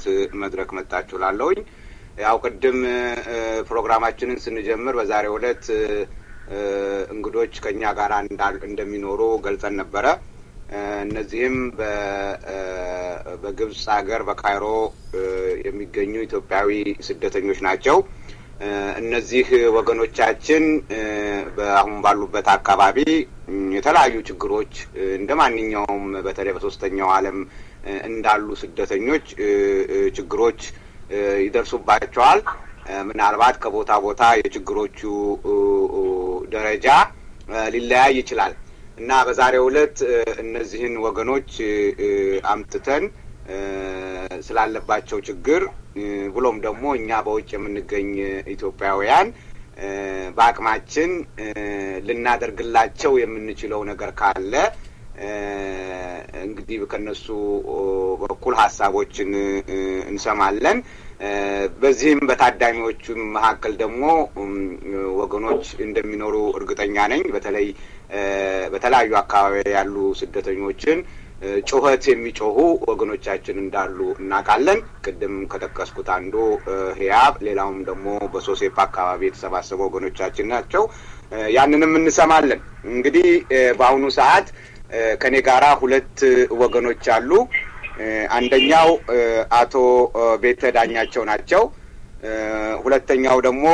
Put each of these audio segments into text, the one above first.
ውይይት መድረክ መጣችሁ ላለውኝ ያው ቅድም ፕሮግራማችንን ስንጀምር በዛሬው ዕለት እንግዶች ከኛ ጋር እንደሚኖሩ ገልጸን ነበረ። እነዚህም በግብፅ ሀገር በካይሮ የሚገኙ ኢትዮጵያዊ ስደተኞች ናቸው። እነዚህ ወገኖቻችን አሁን ባሉበት አካባቢ የተለያዩ ችግሮች እንደ ማንኛውም በተለይ በሶስተኛው ዓለም እንዳሉ ስደተኞች ችግሮች ይደርሱባቸዋል። ምናልባት ከቦታ ቦታ የችግሮቹ ደረጃ ሊለያይ ይችላል እና በዛሬው ዕለት እነዚህን ወገኖች አምጥተን ስላለባቸው ችግር ብሎም ደግሞ እኛ በውጭ የምንገኝ ኢትዮጵያውያን በአቅማችን ልናደርግላቸው የምንችለው ነገር ካለ እንግዲህ ከነሱ በኩል ሀሳቦችን እንሰማለን። በዚህም በታዳሚዎቹ መካከል ደግሞ ወገኖች እንደሚኖሩ እርግጠኛ ነኝ። በተለይ በተለያዩ አካባቢ ያሉ ስደተኞችን ጩኸት የሚጮሁ ወገኖቻችን እንዳሉ እናውቃለን። ቅድም ከጠቀስኩት አንዱ ህያብ፣ ሌላውም ደግሞ በሶሴፕ አካባቢ የተሰባሰቡ ወገኖቻችን ናቸው። ያንንም እንሰማለን። እንግዲህ በአሁኑ ሰዓት ከኔ ጋራ ሁለት ወገኖች አሉ። አንደኛው አቶ ቤተ ዳኛቸው ናቸው። ሁለተኛው ደግሞ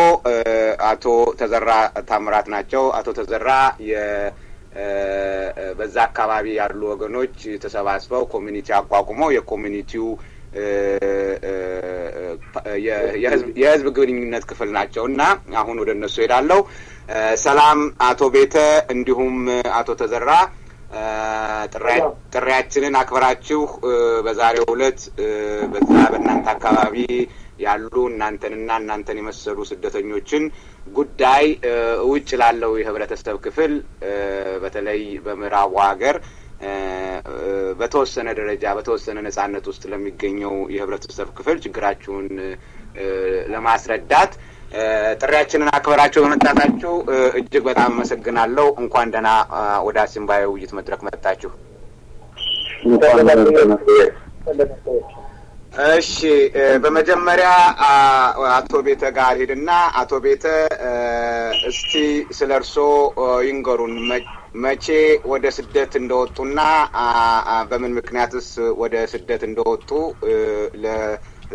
አቶ ተዘራ ታምራት ናቸው። አቶ ተዘራ በዛ አካባቢ ያሉ ወገኖች ተሰባስበው ኮሚኒቲ አቋቁመው የኮሚኒቲው የህዝብ ግንኙነት ክፍል ናቸው እና አሁን ወደ እነሱ ሄዳለሁ። ሰላም አቶ ቤተ እንዲሁም አቶ ተዘራ ጥሪያችንን አክብራችሁ በዛሬው ዕለት በዛ በእናንተ አካባቢ ያሉ እናንተንና እናንተን የመሰሉ ስደተኞችን ጉዳይ ውጭ ላለው የህብረተሰብ ክፍል በተለይ በምዕራቡ ሀገር በተወሰነ ደረጃ በተወሰነ ነጻነት ውስጥ ለሚገኘው የህብረተሰብ ክፍል ችግራችሁን ለማስረዳት ጥሪያችንን አክበራቸው በመምጣታችሁ እጅግ በጣም አመሰግናለሁ። እንኳን ደህና ወደ አሲምባ ውይይት መድረክ መጣችሁ። እሺ በመጀመሪያ አቶ ቤተ ጋር ሄድና አቶ ቤተ እስቲ ስለ እርሶ ይንገሩን። መቼ ወደ ስደት እንደወጡና በምን ምክንያትስ ወደ ስደት እንደወጡ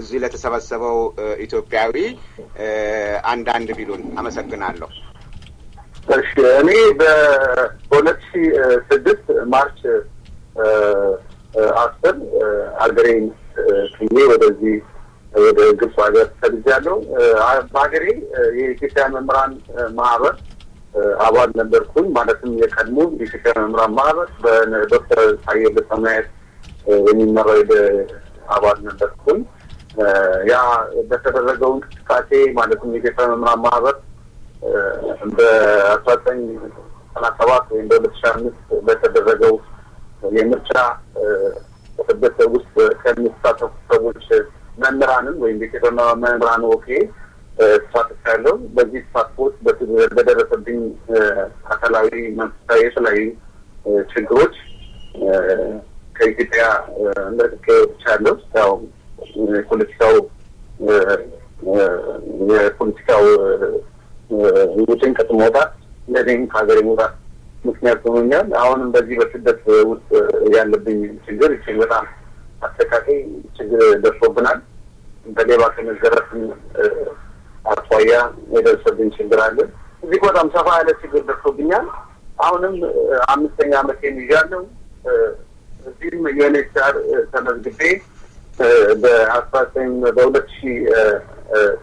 እዚህ ለተሰበሰበው ኢትዮጵያዊ አንዳንድ ቢሉን አመሰግናለሁ። እሺ እኔ በሁለት ሺ ስድስት ማርች አስር ሀገሬን ክኜ ወደዚህ ወደ ግብፅ ሀገር ተሰድጃለሁ። በሀገሬ የኢትዮጵያ መምህራን ማህበር አባል ነበርኩኝ። ማለትም የቀድሞ የኢትዮጵያ መምህራን ማህበር በዶክተር ታዬ በሰማያት የሚመራው አባል ነበርኩኝ። ያ በተደረገው እንቅስቃሴ ማለትም የኢትዮጵያ መምህራን ማህበር በአስራ ዘጠኝ ዘጠና ሰባት ወይም በሁለት ሺ አምስት በተደረገው የምርጫ ስደት ውስጥ ከሚሳተፉ ሰዎች መምህራንም ወይም የኢትዮጵያ መምህራን ወኬ ተሳትፍ ያለው በዚህ ተሳትፎት በደረሰብኝ አካላዊ፣ መንፈሳዊ የተለያዩ ችግሮች ከኢትዮጵያ እንደርቄ ብቻ ያለው ያው የፖለቲካው የፖለቲካው ውጭንቅጥ መውጣት እንደዚህም ከሀገር መውጣት ምክንያት ሆኖኛል። አሁንም በዚህ በስደት ውስጥ ያለብኝ ችግር እጅግ በጣም አሰቃቂ ችግር ደርሶብናል። በሌባ ከመዘረፍም አኳያ የደርሰብኝ ችግር አለ። እዚህ በጣም ሰፋ ያለ ችግር ደርሶብኛል። አሁንም አምስተኛ ዓመት የሚዣለው እዚህም ዩኤንኤችሲአር ተመዝግቤ በአስራ ዘጠኝ በሁለት ሺ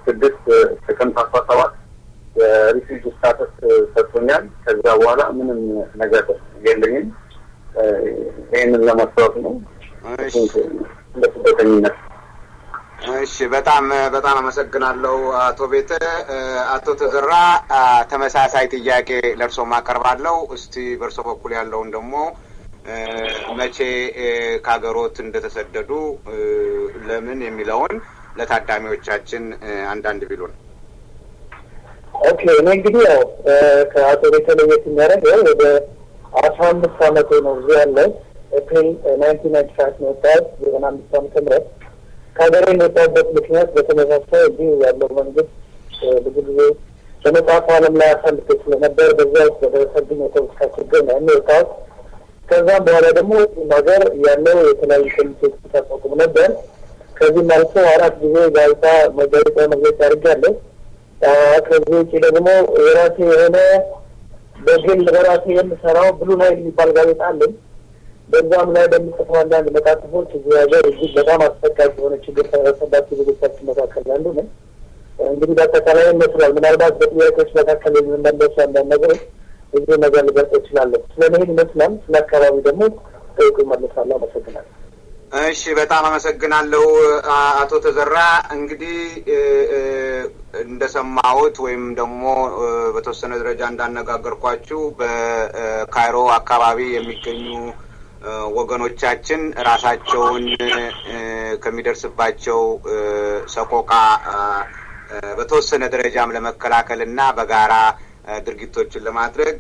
ስድስት ጥቅምት አስራ ሰባት የሪፊውጅ ስታተስ ሰጥቶኛል። ከዛ በኋላ ምንም ነገር የለኝም። ይህንን ለማስታወቅ ነው በስደተኝነት። እሺ፣ በጣም በጣም አመሰግናለሁ አቶ ቤተ። አቶ ተዘራ ተመሳሳይ ጥያቄ ለእርሶ ማቀርባለሁ። እስቲ በእርሶ በኩል ያለውን ደግሞ መቼ ከሀገሮት እንደተሰደዱ ለምን የሚለውን ለታዳሚዎቻችን አንዳንድ ቢሉ ነው። ኦኬ እኔ እንግዲህ ያው ከአቶ ቤተለየ የሚያደርገው ወደ አስራ አምስት አመት ነው እዚህ ያለው ኤፕሪል ናይንቲ ናይንቲ ፋይቭ ነው ወጣት ዘጠና አምስት አመተ ምህረት ከሀገሬ የወጣበት ምክንያት በተመሳሳይ እዚህ ያለው መንግስት ብዙ ጊዜ በመጽሐፉ አለም ላይ አሳልፌ ስለነበር በዚያ ውስጥ በደረሰብኝ የፖለቲካ ችግር ነው የሚወጣው ከዛም በኋላ ደግሞ ሀገር ያለው የተለያዩ ኮሚቴዎች ተቋቁሞ ነበር። ከዚህም አልፎ አራት ጊዜ ጋዜጣ መጋዜጣ መግለጫ አድርጋለሁ። ከዚህ ውጭ ደግሞ የራሴ የሆነ በግል በራሴ የምሰራው ብሉ ናይል የሚባል ጋዜጣ አለኝ። በዛም ላይ በሚጽፉ አንዳንድ መጣጥፎች እዚህ ሀገር እጅግ በጣም አስፈቃቂ የሆነ ችግር ተረሰባቸው ዜጎቻችን መካከል አንዱ ነው። እንግዲህ በአጠቃላይ ይመስላል ምናልባት በጥያቄዎች መካከል የምንመለሱ አንዳንድ ነገሮች ብዙ ነገር ልገልጽ እችላለሁ። ስለመሄድ ይመስላል ስለ አካባቢ ደግሞ ጠይቁ መለሳለሁ። አመሰግናለሁ። እሺ በጣም አመሰግናለሁ አቶ ተዘራ። እንግዲህ እንደሰማሁት ወይም ደግሞ በተወሰነ ደረጃ እንዳነጋገርኳችሁ በካይሮ አካባቢ የሚገኙ ወገኖቻችን ራሳቸውን ከሚደርስባቸው ሰቆቃ በተወሰነ ደረጃም ለመከላከል እና በጋራ ድርጊቶችን ለማድረግ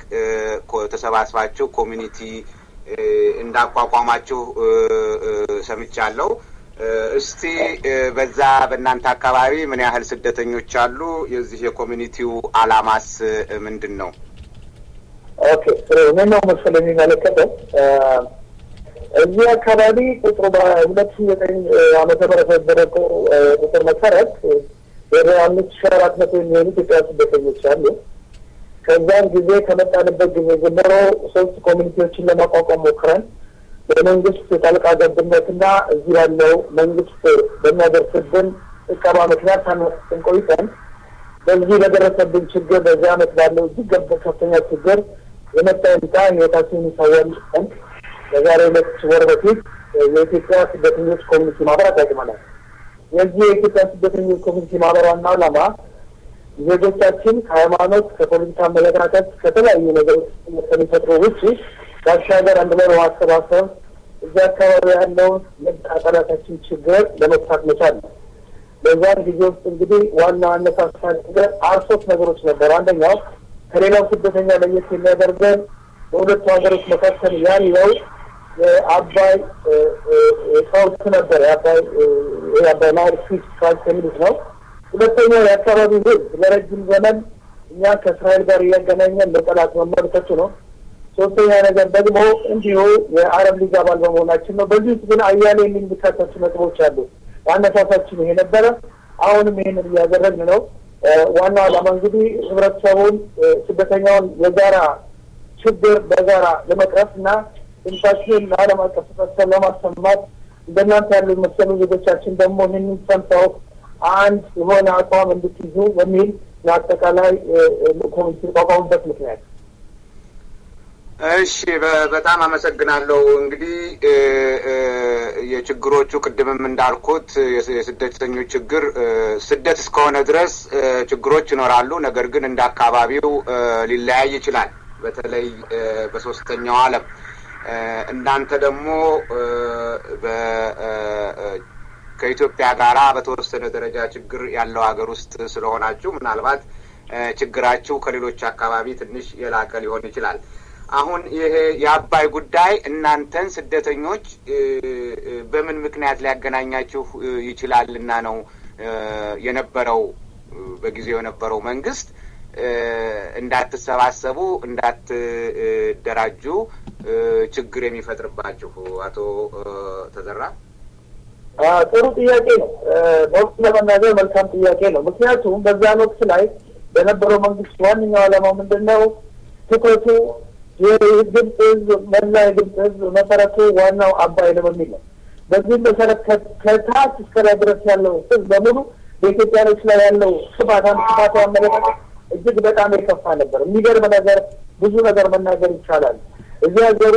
ተሰባስባችሁ ኮሚኒቲ እንዳቋቋማችሁ ሰምቻለሁ። እስቲ በዛ በእናንተ አካባቢ ምን ያህል ስደተኞች አሉ? የዚህ የኮሚኒቲው አላማስ ምንድን ነው? ኦኬ ይህኛው መሰለኝ የሚመለከተው እዚህ አካባቢ ቁጥሩ በሁለት ሺ ዘጠኝ አመተ ምህረት በተደረገው ቁጥር መሰረት ወደ አምስት ሺ አራት መቶ የሚሆኑ ኢትዮጵያ ስደተኞች አሉ። ከዛም ጊዜ ከመጣንበት ጊዜ ጀምሮ ሶስት ኮሚኒቲዎችን ለማቋቋም ሞክረን በመንግስት ጣልቃ ገብነትና እዚህ ያለው መንግስት በሚያደርስብን እቀባ ምክንያት ሳናስን ቆይተን በዚህ በደረሰብን ችግር በዚህ አመት ባለው እጅግ ከፍተኛ ችግር የመጣ የመጣ ህይወታችን ይሰወል በዛሬ ሁለት ወር በፊት የኢትዮጵያ ስደተኞች ኮሚኒቲ ማህበር አቋቁመናል። የዚህ የኢትዮጵያ ስደተኞች ኮሚኒቲ ማህበር ዋና ዓላማ ዜጎቻችን ከሃይማኖት፣ ከፖለቲካ አመለካከት፣ ከተለያዩ ነገሮች ከሚፈጥሩ ውጭ ባሻገር አንድ ላይ በማሰባሰብ እዚያ አካባቢ ያለው ንግድ አካላታችን ችግር ለመፍታት መቻል ነው። በዛን ጊዜ ውስጥ እንግዲህ ዋና አነሳሳ ነገር አርሶት ነገሮች ነበር። አንደኛው ከሌላው ስደተኛ ለየት የሚያደርገን በሁለቱ ሀገሮች መካከል ያለው የአባይ ቀውስ ነበር። የአባይ የአባይ ናይል ፊት ክራይሲስ የሚሉት ነው። ሁለተኛው የአካባቢ ህዝብ ለረጅም ዘመን እኛ ከእስራኤል ጋር እያገናኘን ለጠላት መመልከቱ ነው። ሶስተኛ ነገር ደግሞ እንዲሁ የአረብ ሊግ አባል በመሆናችን ነው። በዚህ ውስጥ ግን አያሌ የሚካተቱ ነጥቦች አሉ። ያነሳሳችን ይሄ ነበረ። አሁንም ይህንን እያደረግን ነው። ዋናው ዓላማ እንግዲህ ህብረተሰቡን፣ ስደተኛውን የጋራ ችግር በጋራ ለመቅረፍ እና ድምጻችንን ለዓለም አቀፍ ህብረተሰብ ለማሰማት እንደናንተ ያሉ መሰሉ ዜጎቻችን ደግሞ ይህንን ሰምተው አንድ የሆነ አቋም እንድትይዙ በሚል ለአጠቃላይ ኮሚቴ ቋቋሙበት ምክንያት። እሺ በጣም አመሰግናለሁ። እንግዲህ የችግሮቹ ቅድምም እንዳልኩት የስደተኞች ችግር ስደት እስከሆነ ድረስ ችግሮች ይኖራሉ። ነገር ግን እንደ አካባቢው ሊለያይ ይችላል። በተለይ በሶስተኛው ዓለም እናንተ ደግሞ ከኢትዮጵያ ጋር በተወሰነ ደረጃ ችግር ያለው ሀገር ውስጥ ስለሆናችሁ ምናልባት ችግራችሁ ከሌሎች አካባቢ ትንሽ የላቀ ሊሆን ይችላል። አሁን ይሄ የአባይ ጉዳይ እናንተን ስደተኞች በምን ምክንያት ሊያገናኛችሁ ይችላል እና ነው የነበረው በጊዜው የነበረው መንግስት እንዳትሰባሰቡ እንዳትደራጁ ችግር የሚፈጥርባችሁ አቶ ተዘራ ጥሩ ጥያቄ ነው። በወቅቱ ለመናገር መልካም ጥያቄ ነው። ምክንያቱም በዛን ወቅት ላይ በነበረው መንግስት ዋነኛው ዓላማው ምንድን ነው? ትኩረቱ የግብጽ ህዝብ መላ የግብጽ ህዝብ መሰረቱ ዋናው አባይ ነው በሚል ነው። በዚህም መሰረት ከታች እስከ ላይ ድረስ ያለው ህዝብ በሙሉ በኢትዮጵያ በኢትዮጵያኖች ላይ ያለው ስፋት ስፋቱ አመለካከት እጅግ በጣም የከፋ ነበር። የሚገርም ነገር ብዙ ነገር መናገር ይቻላል እዚህ ሀገር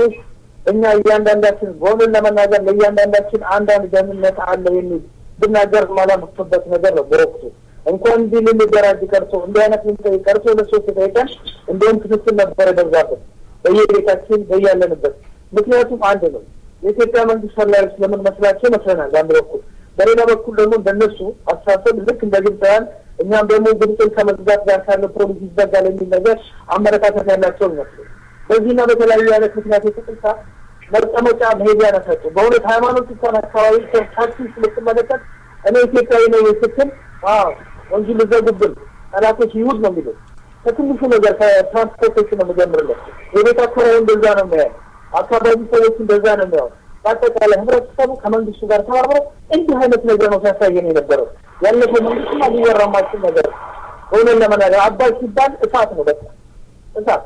እኛ እያንዳንዳችን በሆኑን ለመናገር ለእያንዳንዳችን አንዳንድ ደህንነት አለ የሚል ብናገር ማላምኩበት ነገር ነው። በወቅቱ እንኳን እንዲህ ልንደራጅ ቀርቶ እንዲህ አይነት ልንጠይቅ ቀርቶ ለሶስት ጠይቀን እንዲሁም ትክክል ነበረ በዛበት በየቤታችን በያለንበት ምክንያቱም አንድ ነው። የኢትዮጵያ መንግስት ፈላጊ መስላቸው መስለናል በአንድ በኩል፣ በሌላ በኩል ደግሞ እንደነሱ አስተሳሰብ ልክ እንደ ግብፃውያን እኛም ደግሞ ግብፅን ከመግዛት ጋር ካለ ፖሊሲ ይዘጋል የሚል ነገር አመለካከት ያላቸው ይመስላል። በዚህና በተለያዩ አይነት ምክንያቶች የተነሳ መቀመጫ መሄጃ ነሰጡ። በእውነት ሃይማኖት እንኳን አካባቢ ቸርቻችን ስምትመለከት እኔ ኢትዮጵያዊ ነው ስትል ወንዙ ልዘጉብን ጠላቶች ይሁድ ነው የሚሉት። ከትንሹ ነገር ከትራንስፖርቶች ነው የምጀምርለት። የቤት አከራዩ እንደዛ ነው የሚያ አካባቢ ሰዎች እንደዛ ነው የሚያ በአጠቃላይ ህብረተሰቡ ከመንግስቱ ጋር ተባብሮ እንዲህ አይነት ነገር ነው ሲያሳየን የነበረው። ያለፈው መንግስትማ ሊወራማችን ነገር እውነት ለመናገር አባይ ሲባል እሳት ነው በቃ እሳት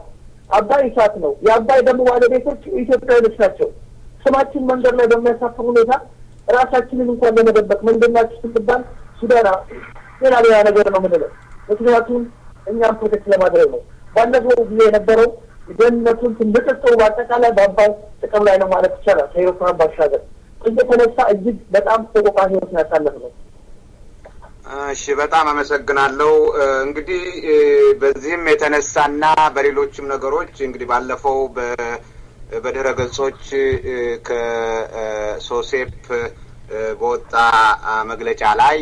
አባይ እሳት ነው። የአባይ ደግሞ ባለቤቶች ኢትዮጵያኖች ናቸው። ስማችን መንገድ ላይ በሚያሳፍር ሁኔታ ራሳችንን እንኳን ለመደበቅ መንገድናችሁ ስትባል ሱዳና ሌላ ሌላ ነገር ነው ምንለው። ምክንያቱም እኛም ፕሮቴክት ለማድረግ ነው። ባለፈው ጊዜ የነበረው ደህንነቱን ትንቅጥሩ በአጠቃላይ በአባይ ጥቅም ላይ ነው ማለት ይቻላል። ከኤርትራን ባሻገር እየተነሳ እጅግ በጣም ተቆቃ ህይወት ያሳለፍ ነው። እሺ በጣም አመሰግናለሁ። እንግዲህ በዚህም የተነሳና በሌሎችም ነገሮች እንግዲህ ባለፈው በድረ ገጾች ከሶሴፕ በወጣ መግለጫ ላይ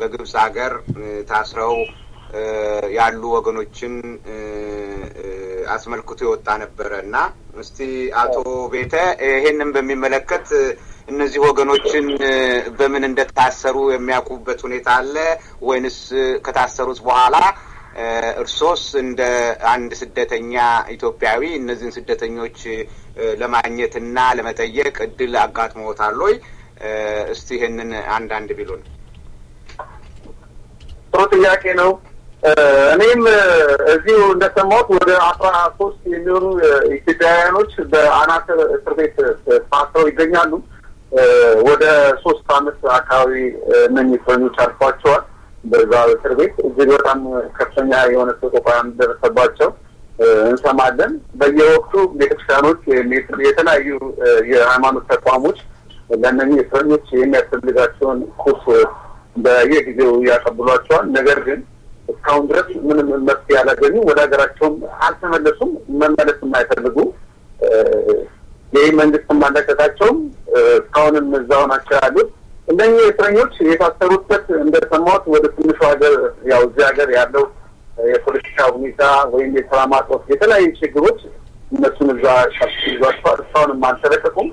በግብፅ ሀገር ታስረው ያሉ ወገኖችን አስመልክቶ የወጣ ነበረ እና እስቲ አቶ ቤተ ይሄንን በሚመለከት እነዚህ ወገኖችን በምን እንደታሰሩ የሚያውቁበት ሁኔታ አለ ወይንስ ከታሰሩት በኋላ እርሶስ እንደ አንድ ስደተኛ ኢትዮጵያዊ እነዚህን ስደተኞች ለማግኘትና ለመጠየቅ እድል አጋጥሞዎታል ወይ? እስቲ ይህንን አንዳንድ ቢሉን። ጥሩ ጥያቄ ነው። እኔም እዚሁ እንደሰማሁት ወደ አስራ ሶስት የሚሆኑ ኢትዮጵያውያኖች በአናት እስር ቤት ታስረው ይገኛሉ። ወደ ሶስት አመት አካባቢ እነኚህ እስረኞች አልፏቸዋል። በዛ እስር ቤት እጅግ በጣም ከፍተኛ የሆነ ተቆቋም ደረሰባቸው እንሰማለን። በየወቅቱ ቤተክርስቲያኖች፣ የተለያዩ የሃይማኖት ተቋሞች ለእነኚህ እስረኞች የሚያስፈልጋቸውን ቁስ በየጊዜው ያቀብሏቸዋል። ነገር ግን እስካሁን ድረስ ምንም መፍትሄ ያላገኙ ወደ ሀገራቸውም አልተመለሱም፣ መመለስ የማይፈልጉ? ይህ መንግስት ማለቀቃቸውም እስካሁንም እዛው ናቸው ያሉት። እነኚህ እስረኞች የታሰሩበት እንደሰማሁት ወደ ትንሹ ሀገር ያው እዚህ ሀገር ያለው የፖለቲካ ሁኔታ ወይም የስራ ማጦት የተለያዩ ችግሮች እነሱን እዛ ይዟቸዋል። እስካሁንም አልተለቀቁም።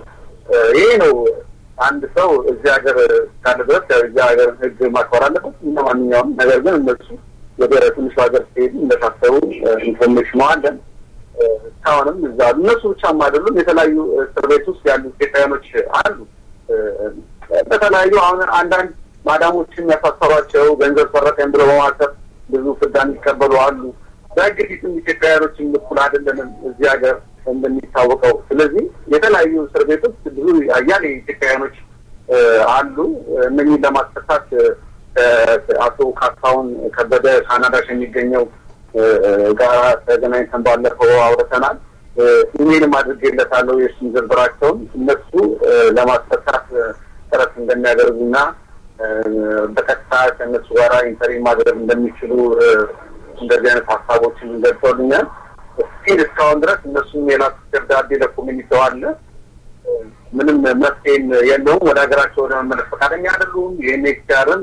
ይሄ ነው አንድ ሰው እዚህ ሀገር ካለ ድረስ እዚህ ሀገር ህግ ማክበር አለበት እንደ ማንኛውም ነገር። ግን እነሱ ወደ ትንሹ ሀገር ሲሄዱ እንደታሰሩ ኢንፎርሜሽን አለን። እስካሁንም እዛ እነሱ ብቻም አይደሉም። የተለያዩ እስር ቤት ውስጥ ያሉ ኢትዮጵያውያኖች አሉ። በተለያዩ አሁን አንዳንድ ማዳሞች የሚያሳሰሯቸው ገንዘብ ሰረቀን ብለው በማሰብ ብዙ ፍዳ የሚቀበሉ አሉ። በህግ ፊትም ኢትዮጵያውያኖችን እኩል አይደለንም እዚህ ሀገር እንደሚታወቀው። ስለዚህ የተለያዩ እስር ቤት ውስጥ ብዙ አያሌ ኢትዮጵያውያኖች አሉ። እነኝን ለማስፈታት አቶ ካሳሁን ከበደ ካናዳሽ የሚገኘው ጋር ተገናኝተን ባለፈው አውርተናል። ኢሜይልም አድርጌለታለሁ የእሱን ዝርዝራቸውን እነሱ ለማስፈታት ጥረት እንደሚያደርጉና በቀጥታ ከእነሱ ጋር ኢንተሪ ማድረግ እንደሚችሉ እንደዚህ አይነት ሀሳቦችን ገብተውልኛል። እስኪ እስካሁን ድረስ እነሱም የላኩት ደብዳቤ ለኮሚኒቲው አለ ምንም መፍትሄም የለውም። ወደ ሀገራቸው ወደ መመለስ ፈቃደኛ አይደሉም። ዩኤንኤችሲአርን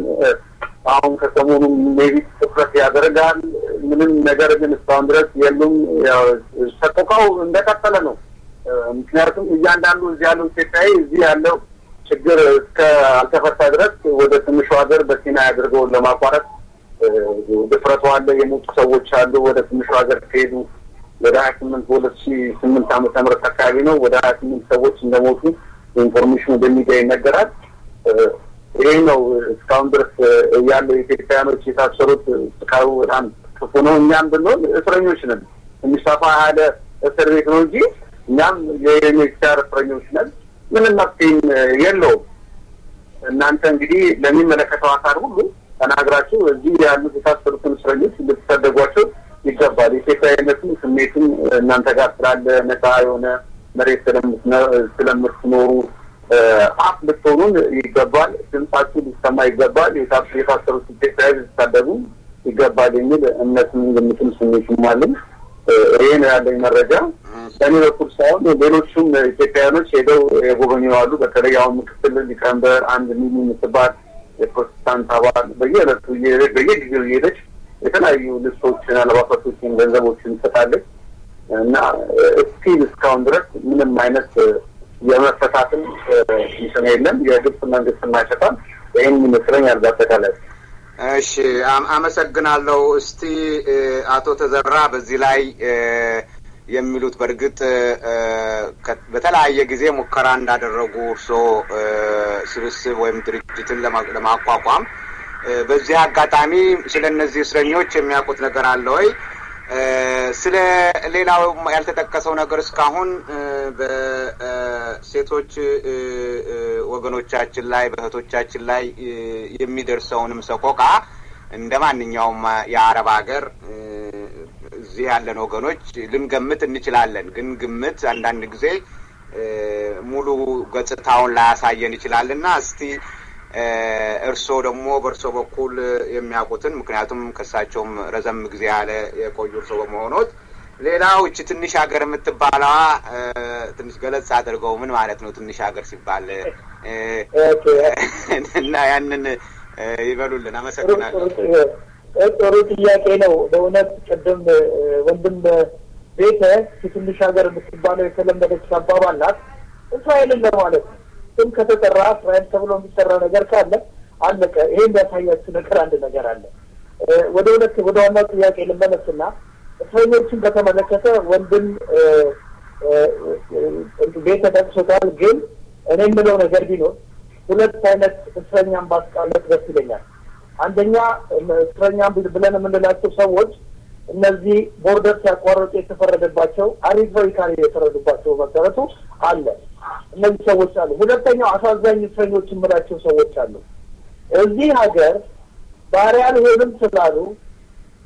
አሁን ከሰሞኑ ሜቢ ትኩረት ያደርጋል። ምንም ነገር ግን እስካሁን ድረስ የሉም። ሰቆቃው እንደቀጠለ ነው። ምክንያቱም እያንዳንዱ እዚህ ያለው ኢትዮጵያዊ እዚህ ያለው ችግር እስከ አልተፈታ ድረስ ወደ ትንሹ ሀገር በሲና አድርገው ለማቋረጥ ድፍረቱ አለ። የሞቱ ሰዎች አሉ። ወደ ትንሹ ሀገር ከሄዱ ወደ ሀያ ስምንት በሁለት ሺ ስምንት ዓመተ ምህረት አካባቢ ነው ወደ ሀያ ስምንት ሰዎች እንደሞቱ ኢንፎርሜሽኑ በሚዲያ ይነገራል። ይሄ ነው እስካሁን ድረስ ያለው ኢትዮጵያኖች የታሰሩት ጥቃቱ በጣም ክፉ ነው። እኛም ብንሆን እስረኞች ነን። የሚሰፋ ያለ እስር ቤት ነው እንጂ እኛም የዩኤንኤችሲአር እስረኞች ነን። ምንም መፍትሄም የለውም። እናንተ እንግዲህ ለሚመለከተው አካል ሁሉ ተናግራችሁ እዚህ ያሉት የታሰሩትን እስረኞች እንድትሰደጓቸው ይገባል። ኢትዮጵያዊነቱ ስሜትም እናንተ ጋር ስላለ ነጻ የሆነ መሬት ስለምትኖሩ አፍ ልትሆኑን ይገባል። ድምጻችሁ ሊሰማ ይገባል። የታሰሩት ኢትዮጵያዊ ሊታደጉ ይገባል የሚል እምነትም ግምትም ስሜትም አለን። ይሄ ነው ያለኝ መረጃ። በእኔ በኩል ሳይሆን ሌሎቹም ኢትዮጵያውያኖች ሄደው የጎበኙ አሉ። በተለይ አሁን ምክትል ሊቀመንበር አንድ ሚሊ የምትባል የፕሮቴስታንት አባል በየዕለቱ በየጊዜው እየሄደች የተለያዩ ልብሶችን፣ አለባበሶችን፣ ገንዘቦችን እንሰጣለች እና እስቲል እስካሁን ድረስ ምንም አይነት የመፈታትም ሚስም የለም። የግብጽ መንግስት ማይሰጣል። ይህን ይመስለኛል በአጠቃላይ። እሺ አመሰግናለሁ። እስቲ አቶ ተዘራ በዚህ ላይ የሚሉት በእርግጥ በተለያየ ጊዜ ሙከራ እንዳደረጉ እርስዎ ስብስብ ወይም ድርጅትን ለማቋቋም በዚህ አጋጣሚ ስለ እነዚህ እስረኞች የሚያውቁት ነገር አለ ወይ? ስለ ሌላው ያልተጠቀሰው ነገር እስካሁን በሴቶች ወገኖቻችን ላይ በእህቶቻችን ላይ የሚደርሰውንም ሰቆቃ እንደ ማንኛውም የአረብ ሀገር እዚህ ያለን ወገኖች ልንገምት እንችላለን። ግን ግምት አንዳንድ ጊዜ ሙሉ ገጽታውን ላያሳየን ይችላልና እስቲ እርስዎ ደግሞ በእርስዎ በኩል የሚያውቁትን ምክንያቱም ከእሳቸውም ረዘም ጊዜ ያለ የቆዩ እርስዎ በመሆኖት ሌላው እቺ ትንሽ ሀገር የምትባለዋ ትንሽ ገለጽ አድርገው ምን ማለት ነው ትንሽ ሀገር ሲባል እና ያንን ይበሉልን አመሰግናለሁ ጥሩ ጥያቄ ነው በእውነት ቅድም ወንድም ቤተ ትንሽ ሀገር የምትባለው የተለመደች አባባል ናት እስራኤልን ለማለት ነው ስም ከተጠራ እስራኤል ተብሎ የሚጠራ ነገር ካለ አለቀ። ይሄ የሚያሳያችሁ ነገር አንድ ነገር አለ። ወደ ሁለት ወደ ዋናው ጥያቄ ልመለስና እስረኞችን ከተመለከተ ወንድም ቤተ ጠቅሶታል። ግን እኔ የምለው ነገር ቢኖር ሁለት አይነት እስረኛን ባስቃለት ደስ ይለኛል። አንደኛ እስረኛ ብለን የምንላቸው ሰዎች እነዚህ ቦርደር ሲያቋርጡ የተፈረደባቸው አሪፍ ካሪ መሰረቱ አለ እነዚህ ሰዎች አሉ። ሁለተኛው አሳዛኝ እስረኞች የምላቸው ሰዎች አሉ። እዚህ ሀገር ባሪያ ልሆንም ስላሉ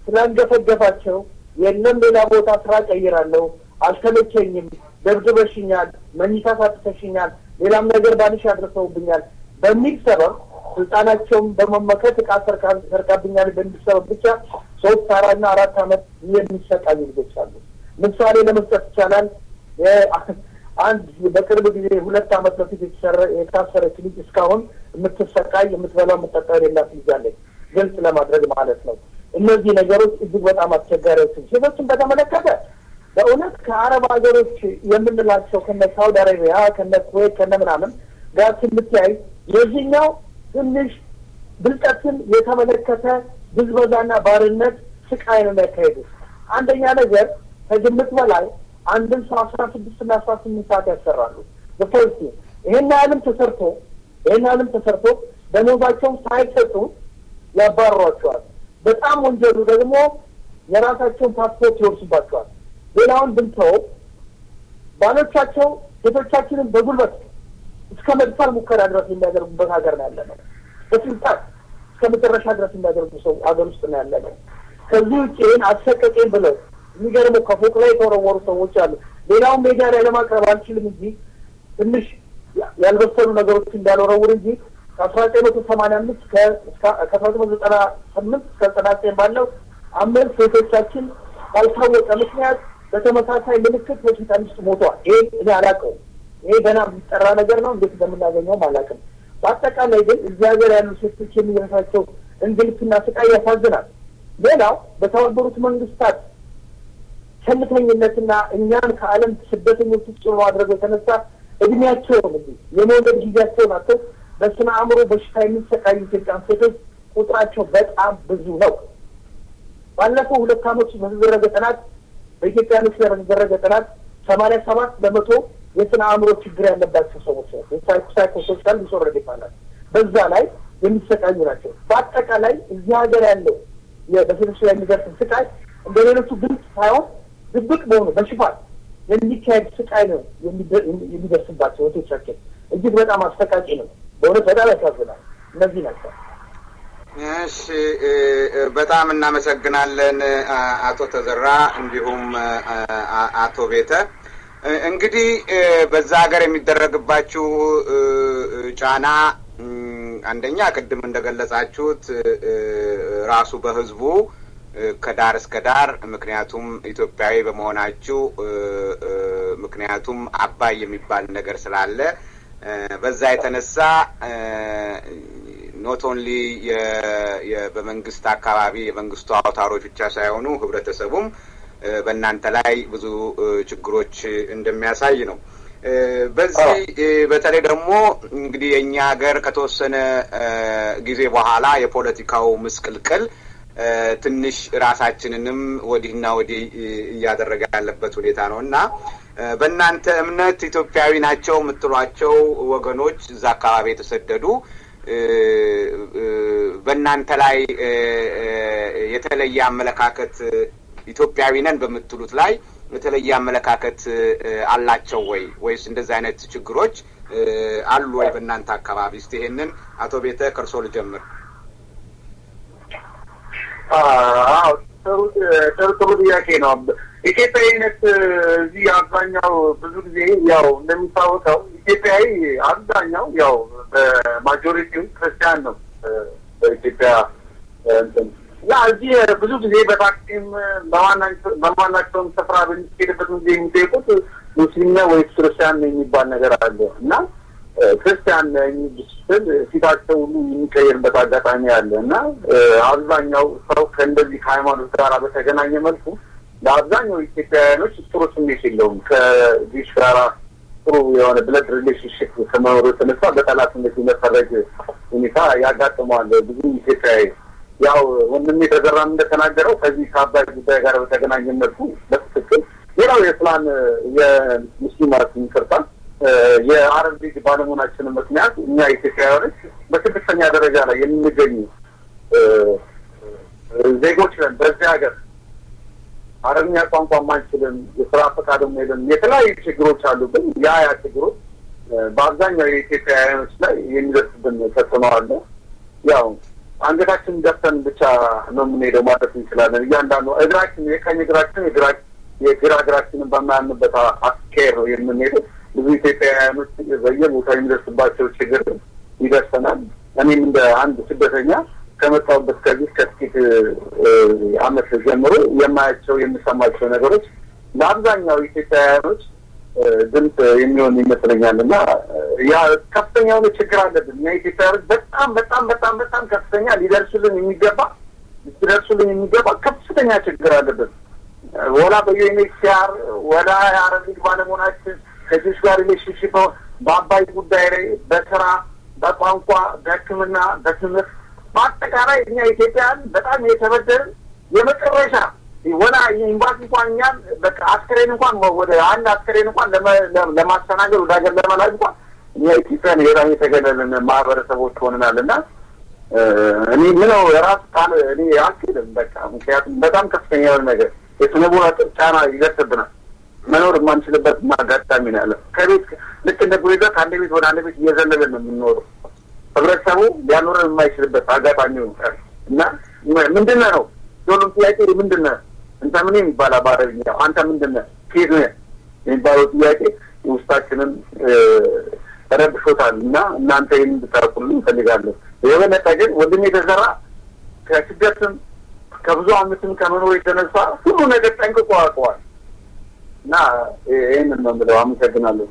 ስላንገፈገፋቸው የለም ሌላ ቦታ ስራ ቀይራለሁ፣ አልተመቸኝም፣ ደብድበሽኛል፣ መኝታ ሳጥተሽኛል፣ ሌላም ነገር ባልሽ አድርሰውብኛል በሚል ሰበብ ስልጣናቸውን በመመከት እቃ ሰርቃብኛል በሚል ሰበብ ብቻ ሶስት አራና አራት አመት የሚሰቃዩ ልጆች አሉ። ምሳሌ ለመስጠት ይቻላል። አንድ በቅርብ ጊዜ ሁለት አመት በፊት የታሰረች ልጅ እስካሁን የምትሰቃይ የምትበላው የምትጠጣ የሌላት ልጅ አለች። ግልጽ ለማድረግ ማለት ነው። እነዚህ ነገሮች እጅግ በጣም አስቸጋሪዎች። ሴቶችን በተመለከተ በእውነት ከአረብ ሀገሮች የምንላቸው ከነ ሳውዲ አረቢያ ከነ ኩዌት ከነ ምናምን ጋር ስምትያይ የዚህኛው ትንሽ ብልጠትን የተመለከተ ብዝበዛና ባርነት ስቃይ ነው የሚያካሄዱ። አንደኛ ነገር ከግምት በላይ አንድን ሰው አስራ ስድስት እና አስራ ስምንት ሰዓት ያሰራሉ። በፖሊሲ ይሄን ያህልም ተሰርቶ ይሄን ያህልም ተሰርቶ ደሞዛቸውን ሳይሰጡ ያባሯቸዋል። በጣም ወንጀሉ ደግሞ የራሳቸውን ፓስፖርት ይወርሱባቸዋል። ሌላውን ብንተው ባሎቻቸው ሴቶቻችንን በጉልበት እስከ መድፈር ሙከራ ድረስ የሚያደርጉበት ሀገር ነው ያለ ነው። በስልጣን እስከ መጨረሻ ድረስ የሚያደርጉ ሰው ሀገር ውስጥ ነው ያለ ነው። ከዚህ ውጭ ይህን አሰቀቄ ብለው የሚገርመው ከፎቅ ላይ የተወረወሩ ሰዎች አሉ። ሌላውን ሜዲያ ላይ ለማቅረብ አልችልም እንጂ ትንሽ ያልበሰሉ ነገሮች እንዳልወረውር እንጂ ከአስራ ዘጠኝ መቶ ሰማንያ አምስት ከአስራ ዘጠኝ ዘጠና ስምንት እስከ ዘጠና ዘጠኝ ባለው አምስት ሴቶቻችን ባልታወቀ ምክንያት በተመሳሳይ ምልክት ሆስፒታል ውስጥ ሞተዋል። ይሄ እኔ አላውቀውም። ይሄ ገና የሚጠራ ነገር ነው። እንዴት እንደምናገኘውም አላውቅም። በአጠቃላይ ግን እግዚአብሔር ያሉ ሴቶች የሚደርሳቸው እንግልትና ስቃይ ያሳዝናል። ሌላው በተባበሩት መንግስታት ቸልተኝነትና እኛን ከዓለም ስደተኞች ውጭ በማድረግ የተነሳ እድሜያቸው እ የመውለድ ጊዜያቸው ናቸው። በስነ አእምሮ በሽታ የሚሰቃዩ ኢትዮጵያ ሴቶች ቁጥራቸው በጣም ብዙ ነው። ባለፈው ሁለት ዓመት በተደረገ ጥናት በኢትዮጵያ ንስ በተደረገ ጥናት ሰማንያ ሰባት በመቶ የስነ አእምሮ ችግር ያለባቸው ሰዎች ናቸው። ሳይኮሶሻል ዲስኦርደር ይባላል። በዛ ላይ የሚሰቃዩ ናቸው። በአጠቃላይ እዚህ ሀገር ያለው በሴቶች ላይ የሚደርስ ስቃይ እንደ ሌሎቹ ግልጽ ሳይሆን ድብቅ በሆኑ በሽፋን የሚካሄድ ስቃይ ነው የሚደርስባቸው እህቶቻችን። እጅግ በጣም አስተቃቂ ነው። በእውነት በጣም ያሳዝናል። እነዚህ ናቸው። እሺ፣ በጣም እናመሰግናለን አቶ ተዘራ እንዲሁም አቶ ቤተ። እንግዲህ በዛ ሀገር የሚደረግባችሁ ጫና አንደኛ ቅድም እንደገለጻችሁት ራሱ በህዝቡ ከዳር እስከ ዳር ምክንያቱም ኢትዮጵያዊ በመሆናችሁ ምክንያቱም አባይ የሚባል ነገር ስላለ በዛ የተነሳ ኖት ኦንሊ በመንግስት አካባቢ የመንግስቱ አውታሮች ብቻ ሳይሆኑ ህብረተሰቡም በእናንተ ላይ ብዙ ችግሮች እንደሚያሳይ ነው። በዚህ በተለይ ደግሞ እንግዲህ የእኛ ሀገር ከተወሰነ ጊዜ በኋላ የፖለቲካው ምስቅልቅል ትንሽ ራሳችንንም ወዲህና ወዲህ እያደረገ ያለበት ሁኔታ ነው እና በእናንተ እምነት ኢትዮጵያዊ ናቸው የምትሏቸው ወገኖች እዛ አካባቢ የተሰደዱ በእናንተ ላይ የተለየ አመለካከት ኢትዮጵያዊ ነን በምትሉት ላይ የተለየ አመለካከት አላቸው ወይ? ወይስ እንደዚህ አይነት ችግሮች አሉ ወይ በእናንተ አካባቢ? እስቲ ይሄንን አቶ ቤተ ከርሶ ልጀምር። ጥሩ ጥሩ ጥያቄ ነው። ኢትዮጵያዊነት እዚህ አብዛኛው ብዙ ጊዜ ያው እንደሚታወቀው ኢትዮጵያዊ አብዛኛው ያው በማጆሪቲው ክርስቲያን ነው በኢትዮጵያ እዚህ ብዙ ጊዜ በታክሲም በማናቸውም ስፍራ በሚሄድበት ጊዜ የሚጠይቁት ሙስሊም ወይስ ክርስቲያን ነው የሚባል ነገር አለ እና ክርስቲያን ነኝ ስል ፊታቸው ሁሉ የሚቀየርበት አጋጣሚ አለ እና አብዛኛው ሰው ከእንደዚህ ከሃይማኖት ጋር በተገናኘ መልኩ ለአብዛኛው ኢትዮጵያውያኖች ጥሩ ስሜት የለውም። ከዚህ ጋራ ጥሩ የሆነ ብለድ ሪሌሽንሽፕ ከመኖሩ የተነሳ በጠላትነት የመፈረግ ሁኔታ ያጋጥመዋል ብዙ ኢትዮጵያዊ። ያው ወንድሜ የተዘራም እንደተናገረው ከዚህ ከአባይ ጉዳይ ጋር በተገናኘ መልኩ በትክክል ሌላው የእስላም የሙስሊማት ማለት የአረብ ሊግ ባለመሆናችን ምክንያት እኛ ኢትዮጵያውያኖች በስድስተኛ ደረጃ ላይ የምንገኙ ዜጎች ነን። በዚህ ሀገር አረብኛ ቋንቋ ማንችልም፣ የስራ ፈቃድም የለም፣ የተለያዩ ችግሮች አሉብን። ያ ያ ችግሮች በአብዛኛው የኢትዮጵያውያኖች ላይ የሚደርስብን ተጽዕኖ አለ። ያው አንገታችን ደፍተን ብቻ ነው የምንሄደው ማለት እንችላለን። እያንዳንዱ እግራችን የቀኝ እግራችን የግራ እግራችንን በማያምንበት አስኬር ነው የምንሄደው። ብዙ ኢትዮጵያውያኖች በየቦታው የሚደርስባቸው ችግር ይደርሰናል። እኔም እንደ አንድ ስደተኛ ከመጣሁበት ከዚህ ከጥቂት አመት ጀምሮ የማያቸው የምሰማቸው ነገሮች ለአብዛኛው ኢትዮጵያውያኖች ድምፅ የሚሆን ይመስለኛል እና ያ ከፍተኛ የሆነ ችግር አለብን እኛ ኢትዮጵያውያኖች በጣም በጣም በጣም በጣም ከፍተኛ ሊደርሱልን የሚገባ ሊደርሱልን የሚገባ ከፍተኛ ችግር አለብን። ወላ በዩኤንኤችሲአር ወላ አረቢክ ባለመሆናችን ከጅሽ ጋር ሪሌሽንሽፕ በአባይ ጉዳይ ላይ በስራ፣ በቋንቋ፣ በህክምና በትምህርት በአጠቃላይ እኛ ኢትዮጵያን በጣም የተበደርን የመጨረሻ ወላ ኤምባሲ እንኳን እኛን በቃ አስክሬን እንኳን ወደ አንድ አስክሬን እንኳን ለማስተናገድ ወደ ሀገር ለመላክ እንኳን እኛ ኢትዮጵያን በጣም የተገለልን ማህበረሰቦች ሆንናል እና እኔ ምነው ራሱ ቃል እኔ አልችልም በቃ ምክንያቱም በጣም ከፍተኛ የሆነ ነገር የስነቦና ጫና ይደርስብናል። መኖር የማንችልበት አጋጣሚ ነው ያለ። ከቤት ልክ እንደ ጉሬዛ ከአንድ ቤት ወደ አንድ ቤት እየዘለለ ነው የምንኖረው። ህብረተሰቡ ሊያኖረን የማይችልበት አጋጣሚ ይወጣል እና ምንድነ ነው ሁሉም ጥያቄ ምንድነ እንተ ምን የሚባል አባረኛ አንተ ምንድነ ኬት ነህ የሚባለው ጥያቄ ውስጣችንን ረብሾታል። እና እናንተ ይህን እንድታረቁልን እፈልጋለሁ። የበለጠ ግን ወንድም የተሰራ ከስደትም ከብዙ አመትም ከመኖር የተነሳ ሁሉ ነገር ጠንቅቆ አውቀዋል። እና ነው የምለው። አመሰግናለሁ።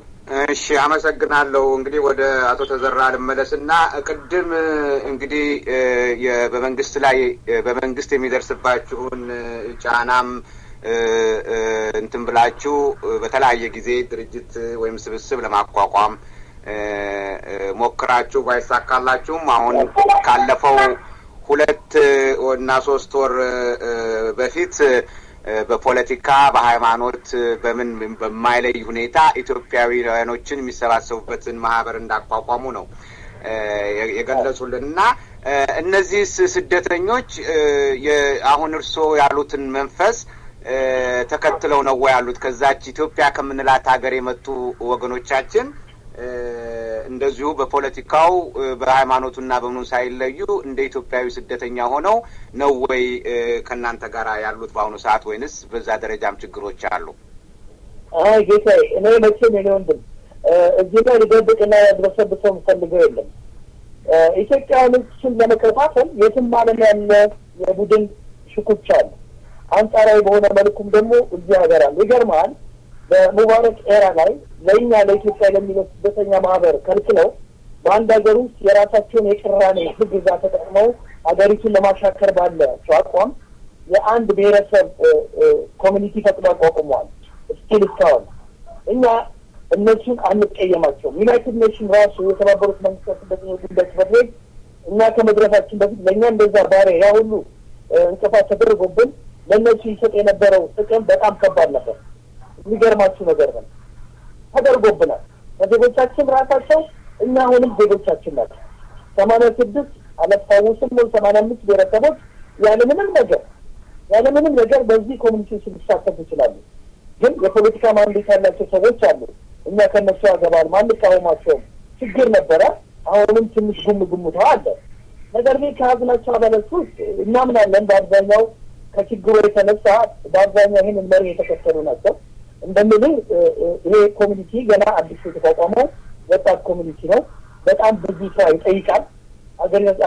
እሺ አመሰግናለሁ። እንግዲህ ወደ አቶ ተዘራ ልመለስ እና ቅድም እንግዲህ በመንግስት ላይ በመንግስት የሚደርስባችሁን ጫናም እንትን ብላችሁ በተለያየ ጊዜ ድርጅት ወይም ስብስብ ለማቋቋም ሞክራችሁ ባይሳካላችሁም አሁን ካለፈው ሁለት እና ሶስት ወር በፊት በፖለቲካ በሃይማኖት በምን በማይለይ ሁኔታ ኢትዮጵያውያኖችን የሚሰባሰቡበትን ማህበር እንዳቋቋሙ ነው የገለጹልን እና እነዚህ ስደተኞች አሁን እርስዎ ያሉትን መንፈስ ተከትለው ነው ያሉት ከዛች ኢትዮጵያ ከምንላት ሀገር የመጡ ወገኖቻችን እንደዚሁ በፖለቲካው በሃይማኖቱና በምኑን ሳይለዩ እንደ ኢትዮጵያዊ ስደተኛ ሆነው ነው ወይ ከእናንተ ጋር ያሉት በአሁኑ ሰዓት ወይንስ በዛ ደረጃም ችግሮች አሉ? አይ ጌታዬ፣ እኔ መቼም እኔ ወንድም እዚህ ላይ ሊደብቅና ያድረሰብሰው የምፈልገው የለም። ኢትዮጵያን ስም ለመከፋፈል የትም ዓለም ያለ የቡድን ሽኩቻ አለ። አንጻራዊ በሆነ መልኩም ደግሞ እዚህ ሀገር አለ። ይገርመሃል በሙባረክ ኤራ ላይ ለእኛ ለኢትዮጵያ ለሚለው ስደተኛ ማህበር ከልክለው በአንድ ሀገር ውስጥ የራሳቸውን የቅራኔ ህግ እዛ ተጠቅመው ሀገሪቱን ለማሻከር ባለቸው አቋም የአንድ ብሔረሰብ ኮሚኒቲ ፈጥሎ አቋቁመዋል። ስቲል እስካሁን እኛ እነሱን አንቀየማቸውም። ዩናይትድ ኔሽን ራሱ የተባበሩት መንግስታት ስደተኞች ጉዳይ ጽሕፈት ቤት እኛ ከመድረሳችን በፊት ለእኛ እንደዛ ባሪያ ያ ሁሉ እንቅፋት ተደርጎብን ለእነሱ ይሰጥ የነበረው ጥቅም በጣም ከባድ ነበር። የሚገርማችሁ ነገር ነው። ተደርጎብናል። ዜጎቻችን ራሳቸው እኛ አሁንም ዜጎቻችን ናቸው። ሰማንያ ስድስት አላስታውስም ወይ ሰማንያ አምስት ብሔረሰቦች ያለምንም ነገር ያለምንም ነገር በዚህ ኮሚኒኬሽን ሊሳተፉ ይችላሉ። ግን የፖለቲካ ማንዴት ያላቸው ሰዎች አሉ። እኛ ከነሱ ያገባል አንቃወማቸውም። ችግር ነበረ። አሁንም ትንሽ ጉም ጉሙታ አለ። ነገር ግን ከያዝናቸው አባላት ውስጥ እናምናለን በአብዛኛው ከችግሩ የተነሳ በአብዛኛው ይህንን መሪ የተከተሉ ናቸው። እንደምልህ ይሄ ኮሚኒቲ ገና አዲስ የተቋቋመው ወጣት ኮሚኒቲ ነው። በጣም ብዙ ስራ ይጠይቃል።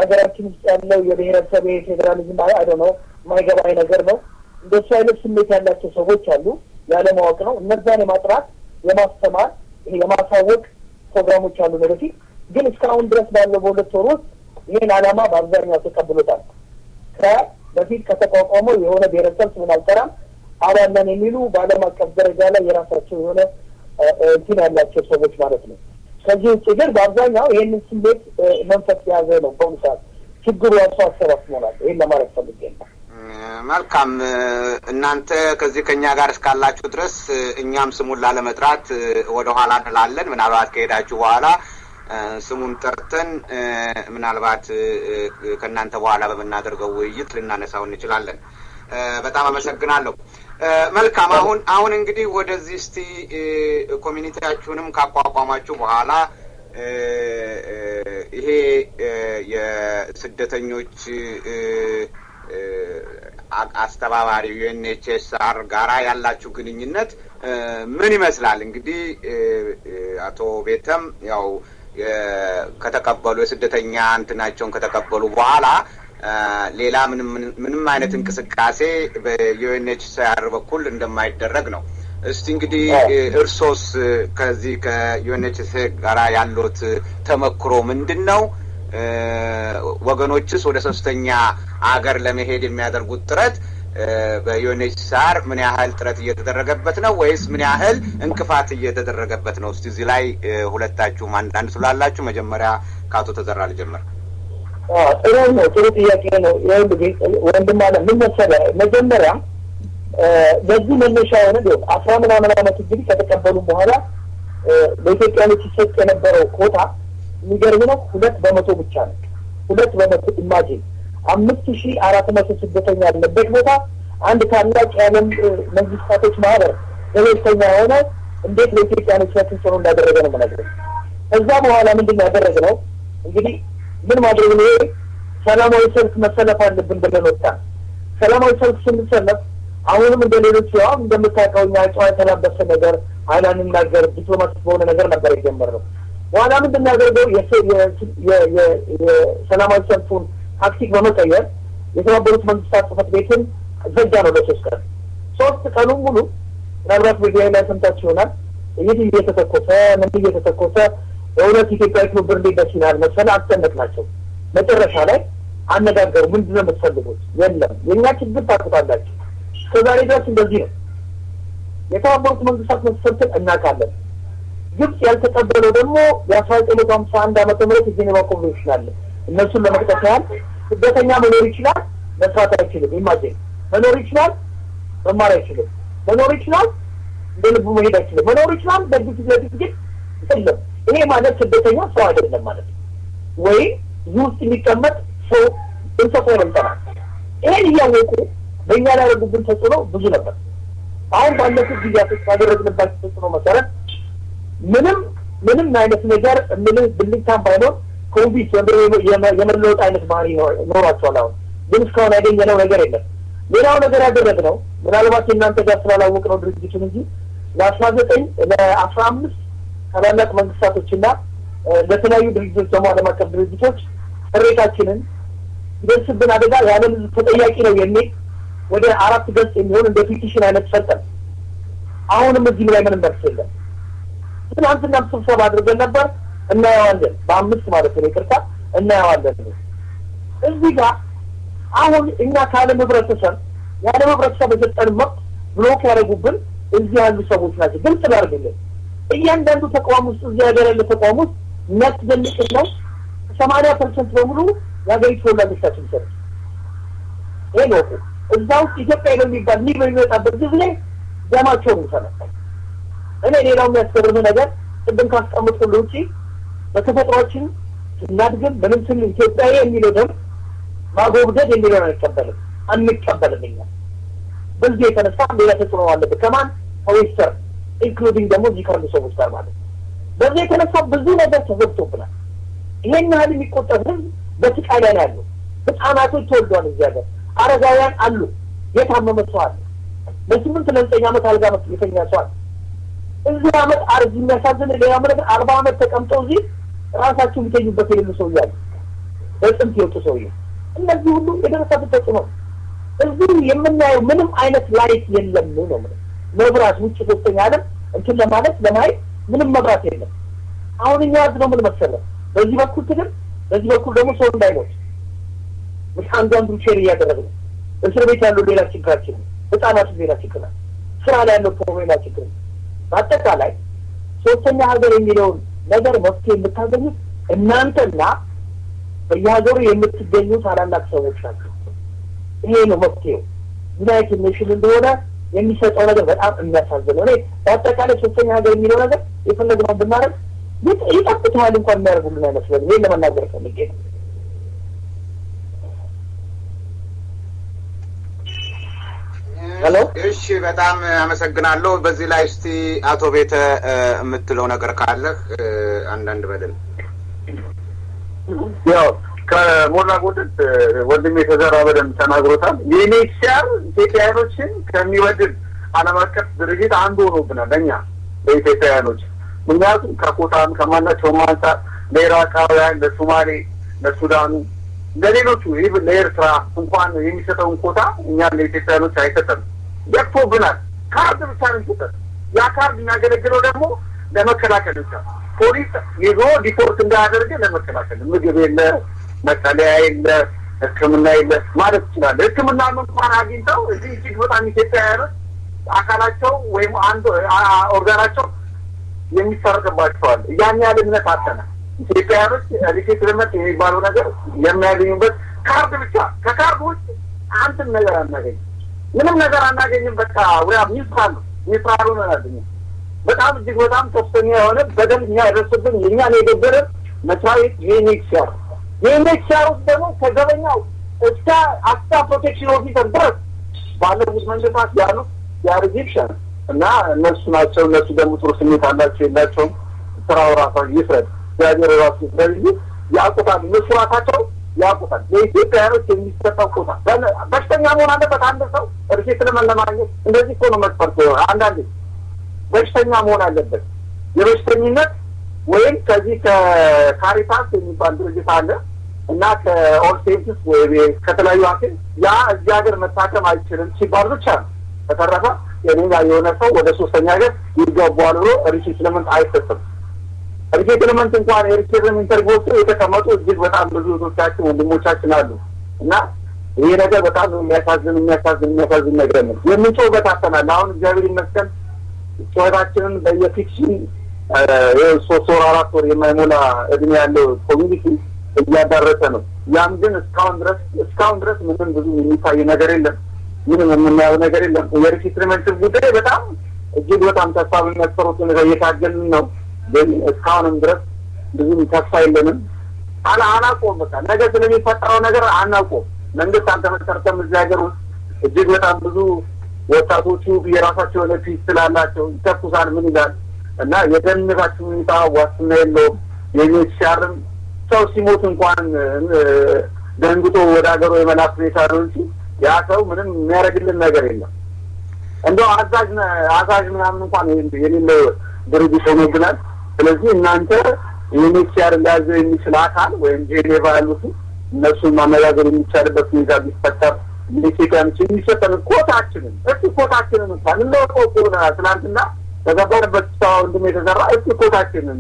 ሀገራችን ውስጥ ያለው የብሔረሰብ ፌዴራሊዝም አይደ ነው የማይገባኝ ነገር ነው። እንደሱ አይነት ስሜት ያላቸው ሰዎች አሉ። ያለማወቅ ነው። እነዛን የማጥራት የማስተማር ይሄ የማሳወቅ ፕሮግራሞች አሉ ወደፊት። ግን እስካሁን ድረስ ባለው በሁለት ወር ውስጥ ይህን አላማ በአብዛኛው ተቀብሎታል። ከበፊት ከተቋቋመው የሆነ ብሔረሰብ ስምን አልጠራም አባለን የሚሉ በዓለም አቀፍ ደረጃ ላይ የራሳቸው የሆነ እንትን ያላቸው ሰዎች ማለት ነው። ከዚህ ውጭ ግን በአብዛኛው ይህንን ስሜት መንፈስ የያዘ ነው። በአሁኑ ሰዓት ችግሩ ያሱ አሰባስ መሆናል። ይህን ለማለት ፈልጌ ነው። መልካም እናንተ ከዚህ ከእኛ ጋር እስካላችሁ ድረስ እኛም ስሙን ላለመጥራት ወደኋላ እንላለን። ምናልባት ከሄዳችሁ በኋላ ስሙን ጠርተን ምናልባት ከእናንተ በኋላ በምናደርገው ውይይት ልናነሳው እንችላለን። በጣም አመሰግናለሁ። መልካም አሁን አሁን እንግዲህ ወደዚህ እስቲ ኮሚኒቲያችሁንም ካቋቋማችሁ በኋላ ይሄ የስደተኞች አስተባባሪ ዩኤንኤችኤስአር ጋራ ያላችሁ ግንኙነት ምን ይመስላል? እንግዲህ አቶ ቤተም ያው ከተቀበሉ የስደተኛ እንትናቸውን ከተቀበሉ በኋላ ሌላ ምንም አይነት እንቅስቃሴ በዩኤንኤችሲአር በኩል እንደማይደረግ ነው። እስቲ እንግዲህ እርሶስ ከዚህ ከዩኤንኤችሲአር ጋር ያሉት ተመክሮ ምንድን ነው? ወገኖችስ ወደ ሶስተኛ አገር ለመሄድ የሚያደርጉት ጥረት በዩኤንኤችሲአር ምን ያህል ጥረት እየተደረገበት ነው ወይስ ምን ያህል እንቅፋት እየተደረገበት ነው? እስቲ እዚህ ላይ ሁለታችሁም አንዳንድ ስላላችሁ መጀመሪያ ከአቶ ተዘራ ልጀምር። ጥሩ ነው። ጥሩ ጥያቄ ነው። እንግዲህ ወንድም አለ ምን መሰለህ፣ መጀመሪያ በዚህ መነሻ የሆነ ቢሆን አስራ ምናምን አመት እንግዲህ ከተቀበሉ በኋላ በኢትዮጵያኖች ሲሰጥ የነበረው ኮታ የሚገርም ነው። ሁለት በመቶ ብቻ ነው። ሁለት በመቶ ኢማጂን አምስት ሺ አራት መቶ ስደተኛ ያለበት ቦታ አንድ ታላቅ የዓለም መንግስታቶች ማህበር ገለልተኛ የሆነ እንዴት ለኢትዮጵያኖች መክንጽሮ እንዳደረገ ነው መነገር። ከዛ በኋላ ምንድን ያደረግ ነው እንግዲህ ምን ማድረግ ነው? ሰላማዊ ሰልፍ መሰለፍ አለብን ብለን ወጣን። ሰላማዊ ሰልፍ ስንሰለፍ አሁንም እንደ ሌሎች ያው እንደምታውቀው እኛ ጨዋ የተላበሰ ነገር አላንናገር ዲፕሎማቲክ በሆነ ነገር ነበር የጀመርነው። በኋላ ምንድን እናደርገው የሰላማዊ ሰልፉን ታክቲክ በመቀየር የተባበሩት መንግስታት ጽሕፈት ቤትን ዘጋ ነው ለሶስት ቀን። ሶስት ቀኑን ሙሉ ምናልባት ሚዲያ ላይ ሰምታችሁ ይሆናል። ይህ እየተተኮሰ ምን እየተተኮሰ በእውነት ኢትዮጵያ ትብብር እንዴት ደስ ይላል መሰለህ። አስጨነቅ ናቸው። መጨረሻ ላይ አነጋገሩ ምንድን ነው የምትፈልጉት? የለም የእኛ ችግር ታውቁታላችሁ። እስከዛሬ ድረስ እንደዚህ ነው። የተባበሩት መንግስታት መስፈርትን እናውቃለን። ግብጽ ያልተቀበለው ደግሞ የአስራ ዘጠኝ መቶ ሀምሳ አንድ ዓመተ ምህረት የጄኔቫ ኮንቬንሽን አለ። እነሱን ለመጥቀስ ያህል ስደተኛ መኖር ይችላል፣ መስራት አይችልም። ኢማጂን መኖር ይችላል፣ መማር አይችልም። መኖር ይችላል፣ እንደ ልቡ መሄድ አይችልም። መኖር ይችላል፣ በዚህ ለፊት ግን የለም ይሄ ማለት ስደተኛ ሰው አይደለም ማለት ነው። ወይም እዚህ ውስጥ የሚቀመጥ ሰው እንሰሶ ለምጠናል። ይሄን እያወቁ በእኛ ላይ ያደረጉብን ተጽዕኖ ብዙ ነበር። አሁን ባለፉት ጊዜያቶች ባደረግንባቸው ተጽዕኖ መሰረት ምንም ምንም አይነት ነገር እምልህ ብልጭታም ባይኖር ኮቪድ የመለወጥ አይነት ባህሪ ኖሯቸዋል። አሁን ግን እስካሁን ያገኘነው ነገር የለም። ሌላው ነገር ያደረግነው ምናልባት የእናንተ ጋር ስላላወቅ ነው ድርጅቱን እንጂ ለአስራ ዘጠኝ ለአስራ አምስት ታላላቅ መንግስታቶችና ለተለያዩ ድርጅቶች ደግሞ ዓለም አቀፍ ድርጅቶች ቅሬታችንን ይደርስብን አደጋ የዓለም ህዝብ ተጠያቂ ነው የሚል ወደ አራት ገጽ የሚሆን እንደ ፒቲሽን አይነት ሰጠን። አሁንም እዚህ ላይ ምንም መልስ የለም። ትናንትናም ስብሰባ አድርገን ነበር። እናየዋለን፣ በአምስት ማለት ነው ይቅርታ፣ እናየዋለን። እዚህ ጋር አሁን እኛ ከዓለም ህብረተሰብ የዓለም ህብረተሰብ የሰጠን መብት ብሎክ ያደረጉብን እዚህ ያሉ ሰዎች ናቸው። ግልጽ ላርግልን እያንዳንዱ ተቋም ውስጥ እዚህ ሀገር ያለ ተቋም ውስጥ የሚያስደንቅ ነው። ሰማንያ ፐርሰንት በሙሉ የሀገሪቱ ወላዶች ናቸው የሚሰሩት። ነው። እዛ ውስጥ ኢትዮጵያ በሚባል ኒ በሚወጣበት ጊዜ ደማቸውን ይሰራል። እኔ ሌላው የሚያስገርም ነገር ቅድም ካስቀምጥኩል ውጪ በተፈጥሯችን ስናድግም በምን ስል ኢትዮጵያዊ የሚለው ደም ማጎብደድ የሚለውን አይቀበልም አንቀበልም። እኛ በዚህ የተነሳ ሌላ ተጽዕኖ አለብን ከማን ከዌስተርን ኢንክሉዲንግ ደግሞ እዚህ ካሉ ሰዎች ጋር ማለት ነው። በዚህ የተነሳ ብዙ ነገር ተዘግቶብናል። ይሄን ያህል የሚቆጠር ህዝብ በስቃይ ላይ ያሉ ህጻናቶች ተወልደዋል። እዚህ ሀገር አረጋውያን አሉ። የታመመ ሰው አለ። በስምንት ለዘጠኝ ዓመት አልጋ የተኛ ሰው አለ። እዚህ ዓመት አርዚ የሚያሳዝን ሌላ ምለት አርባ ዓመት ተቀምጠው እዚህ ራሳቸው የሚተኙበት የሌሉ ሰው እያሉ በጽንት የወጡ ሰውዬ እነዚህ ሁሉ የደረሰበት ተጽዕኖ እዚህ የምናየው ምንም አይነት ላይት የለም ነው ነው መብራት ውጭ ሶስተኛ አለም እንትን ለማለት ለማየት ምንም መብራት የለም። አሁን እኛ ያዝ ነው ምን መሰለ በዚህ በኩል ትግል፣ በዚህ በኩል ደግሞ ሰው እንዳይሞት ምስ አንዱ አንዱ ሼር እያደረግን ነው። እስር ቤት ያለው ሌላ ችግራችን ነው። ህጻናቱ ሌላ ችግር ነው። ስራ ላይ ያለው ፖሮ ሌላ ችግር ነው። በአጠቃላይ ሶስተኛ ሀገር የሚለውን ነገር መፍትሄ የምታገኙት እናንተና በየሀገሩ የምትገኙ ታላላቅ ሰዎች ናቸው። ይሄ ነው መፍትሄው ዩናይትድ ኔሽን እንደሆነ የሚሰጠው ነገር በጣም የሚያሳዝነው ነው። በአጠቃላይ ሶስተኛ ሀገር የሚለው ነገር የፈለግነው ብናረግ ይጠብትሃል እንኳን የሚያደርጉልን አይመስለን። ይህን ለመናገር ፈልጌ እሺ፣ በጣም አመሰግናለሁ። በዚህ ላይ እስቲ አቶ ቤተ የምትለው ነገር ካለህ አንዳንድ በደል ያው ከሞላ ጎደል ወንድሜ የተዘራ በደንብ ተናግሮታል። የኔክሲያር ኢትዮጵያውያኖችን ከሚወድድ ዓለም አቀፍ ድርጅት አንዱ ሆኖብናል ለእኛ ለኢትዮጵያውያኖች። ምክንያቱም ከኮታም ከማናቸውም አንጻር ለኢራቃውያን፣ ለሶማሌ፣ ለሱዳኑ፣ ለሌሎቹ ለኤርትራ እንኳን የሚሰጠውን ኮታ እኛ ለኢትዮጵያውያኖች አይሰጠም። ደቅቶብናል። ካርድ ብቻ ነው የሚሰጠን። ያ ካርድ የሚያገለግለው ደግሞ ለመከላከል ብቻ ፖሊስ ይዞ ዲፖርት እንዳያደርገ ለመከላከል ምግብ የለ መጠለያ የለ፣ ሕክምና የለ ማለት ይችላል። ሕክምና እንኳን አግኝተው እዚህ እጅግ በጣም ኢትዮጵያውያኖች አካላቸው ወይም አንዱ ኦርጋናቸው የሚሰረቅባቸዋል። ያን ያህል እምነት አተነ ኢትዮጵያውያኖች ሪሴት ልመት የሚባለው ነገር የሚያገኙበት ካርድ ብቻ ከካርድ ውጭ አንድም ነገር አናገኝ፣ ምንም ነገር አናገኝም። በቃ ወያ ሚስራሉ ሚስራሉ ነው በጣም እጅግ በጣም ከፍተኛ የሆነ በደል የሚያደርስብን የእኛን የገበረ መስሪያ ቤት ዩኒክስ የሚቻሩት ደግሞ ከዘበኛው እስከ አስታ ፕሮቴክሽን ኦፊሰር ድረስ ባለቡት መንግስታት ያሉ ያርጊፕሻል እና እነሱ ናቸው። እነሱ ደግሞ ጥሩ ስሜት አላቸው የላቸውም፣ ስራው ራሱ ይፍረድ። እግዚአብሔር ራሱ ይፍረድ ስለዚህ ያውቁታል፣ መስራታቸው ያውቁታል። ለኢትዮጵያኖች የሚሰጠው ቦታ በሽተኛ መሆን አለበት። አንድ ሰው እርሴት ለመን ለማግኘት እንደዚህ እኮ ነው መስፈርት። አንዳንዴ በሽተኛ መሆን አለበት የበሽተኝነት ወይም ከዚህ ከካሪታስ የሚባል ድርጅት አለ እና ከኦል ወይ ከተለያዩ ሀኪም ያ እዚህ ሀገር መታከም አይችልም ሲባል ብቻ ነው። በተረፈ የኔጋ የሆነ ሰው ወደ ሶስተኛ ሀገር ይገባዋል ብሎ ሪሲትልመንት አይሰጥም። ሪሲትልመንት እንኳን የሪሲትልም ኢንተርቪዎቹ የተቀመጡ እጅግ በጣም ብዙ እህቶቻችን ወንድሞቻችን አሉ እና ይሄ ነገር በጣም የሚያሳዝን የሚያሳዝን የሚያሳዝን ነገር ነው። የምንጮህበት አተናል አሁን እግዚአብሔር ይመስገን ጩኸታችንን በየፊክሽን ሶስት ወር አራት ወር የማይሞላ እድሜ ያለው ኮሚኒቲ እያዳረሰ ነው። ያም ግን እስካሁን ድረስ እስካሁን ድረስ ምንም ብዙ የሚታይ ነገር የለም። ምንም የምናየው ነገር የለም። የሪሴትልመንት ጉዳይ በጣም እጅግ በጣም ተስፋ በሚያስፈሩት ሁኔታ እየታገልን ነው። ግን እስካሁንም ድረስ ብዙም ተስፋ የለንም። አላ አላቆም በቃ ነገ ስለሚፈጠረው ነገር አናቆም። መንግስት አልተመሰረተም። እዚህ ሀገር ውስጥ እጅግ በጣም ብዙ ወጣቶቹ የራሳቸው የሆነ ፒስ ስላላቸው ይተኩሳል። ምን ይላል እና የደም መብታችን ሁኔታ ዋስትና የለውም። የሚሻርም ሰው ሲሞት እንኳን ደንግጦ ወደ ሀገሩ የመላክ ሁኔታ ነው እንጂ ያ ሰው ምንም የሚያደርግልን ነገር የለም። እንደው አዛዥ አዛዥ ምናምን እንኳን የሌለው ድርጅት ሆኖብናል። ስለዚህ እናንተ ዩኤንኤችሲአር ሊያዘው የሚችል አካል ወይም ጄኔቫ ያሉት እነሱን ማነጋገር የሚቻልበት ሁኔታ ቢፈጠር ኢትዮጵያ የሚሰጠን ኮታችንን እሱ ኮታችንን እንኳን እንለወቀው ከሆነ ትናንትና ተገባንበት ስታሁን ድም የተሰራ እኮታችንን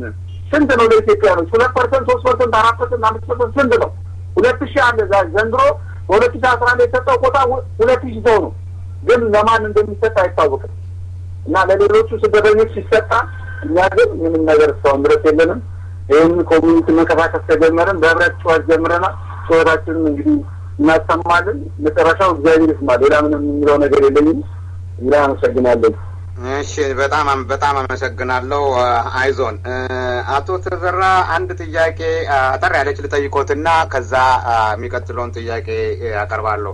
ስንት ነው ለኢትዮጵያ ለኢትዮጵያኖች? ሁለት ፐርሰንት፣ ሶስት ፐርሰንት፣ አራት ፐርሰንት፣ አምስት ፐርሰንት ስንት ነው? ሁለት ሺ አንድ ዛ ዘንድሮ በሁለት ሺ አስራ አንድ የተሰጠው ኮታ ሁለት ሺ ሰው ነው፣ ግን ለማን እንደሚሰጥ አይታወቅም እና ለሌሎቹ ስደተኞች ሲሰጣ እኛ ግን ምንም ነገር እስካሁን ድረስ የለንም። ይህን ኮሚኒቲ መንቀሳቀስ ተጀመርን፣ በህብረት ጨዋት ጀምረናል። ጨዋታችንም እንግዲህ እናሰማለን። መጨረሻው እግዚአብሔር ይስማል። ሌላ ምንም የሚለው ነገር የለኝም። ሌላ አመሰግናለን። እሺ በጣም በጣም አመሰግናለሁ። አይዞን አቶ ተዘራ፣ አንድ ጥያቄ አጠር ያለች ልጠይቆትና ከዛ የሚቀጥለውን ጥያቄ አቀርባለሁ።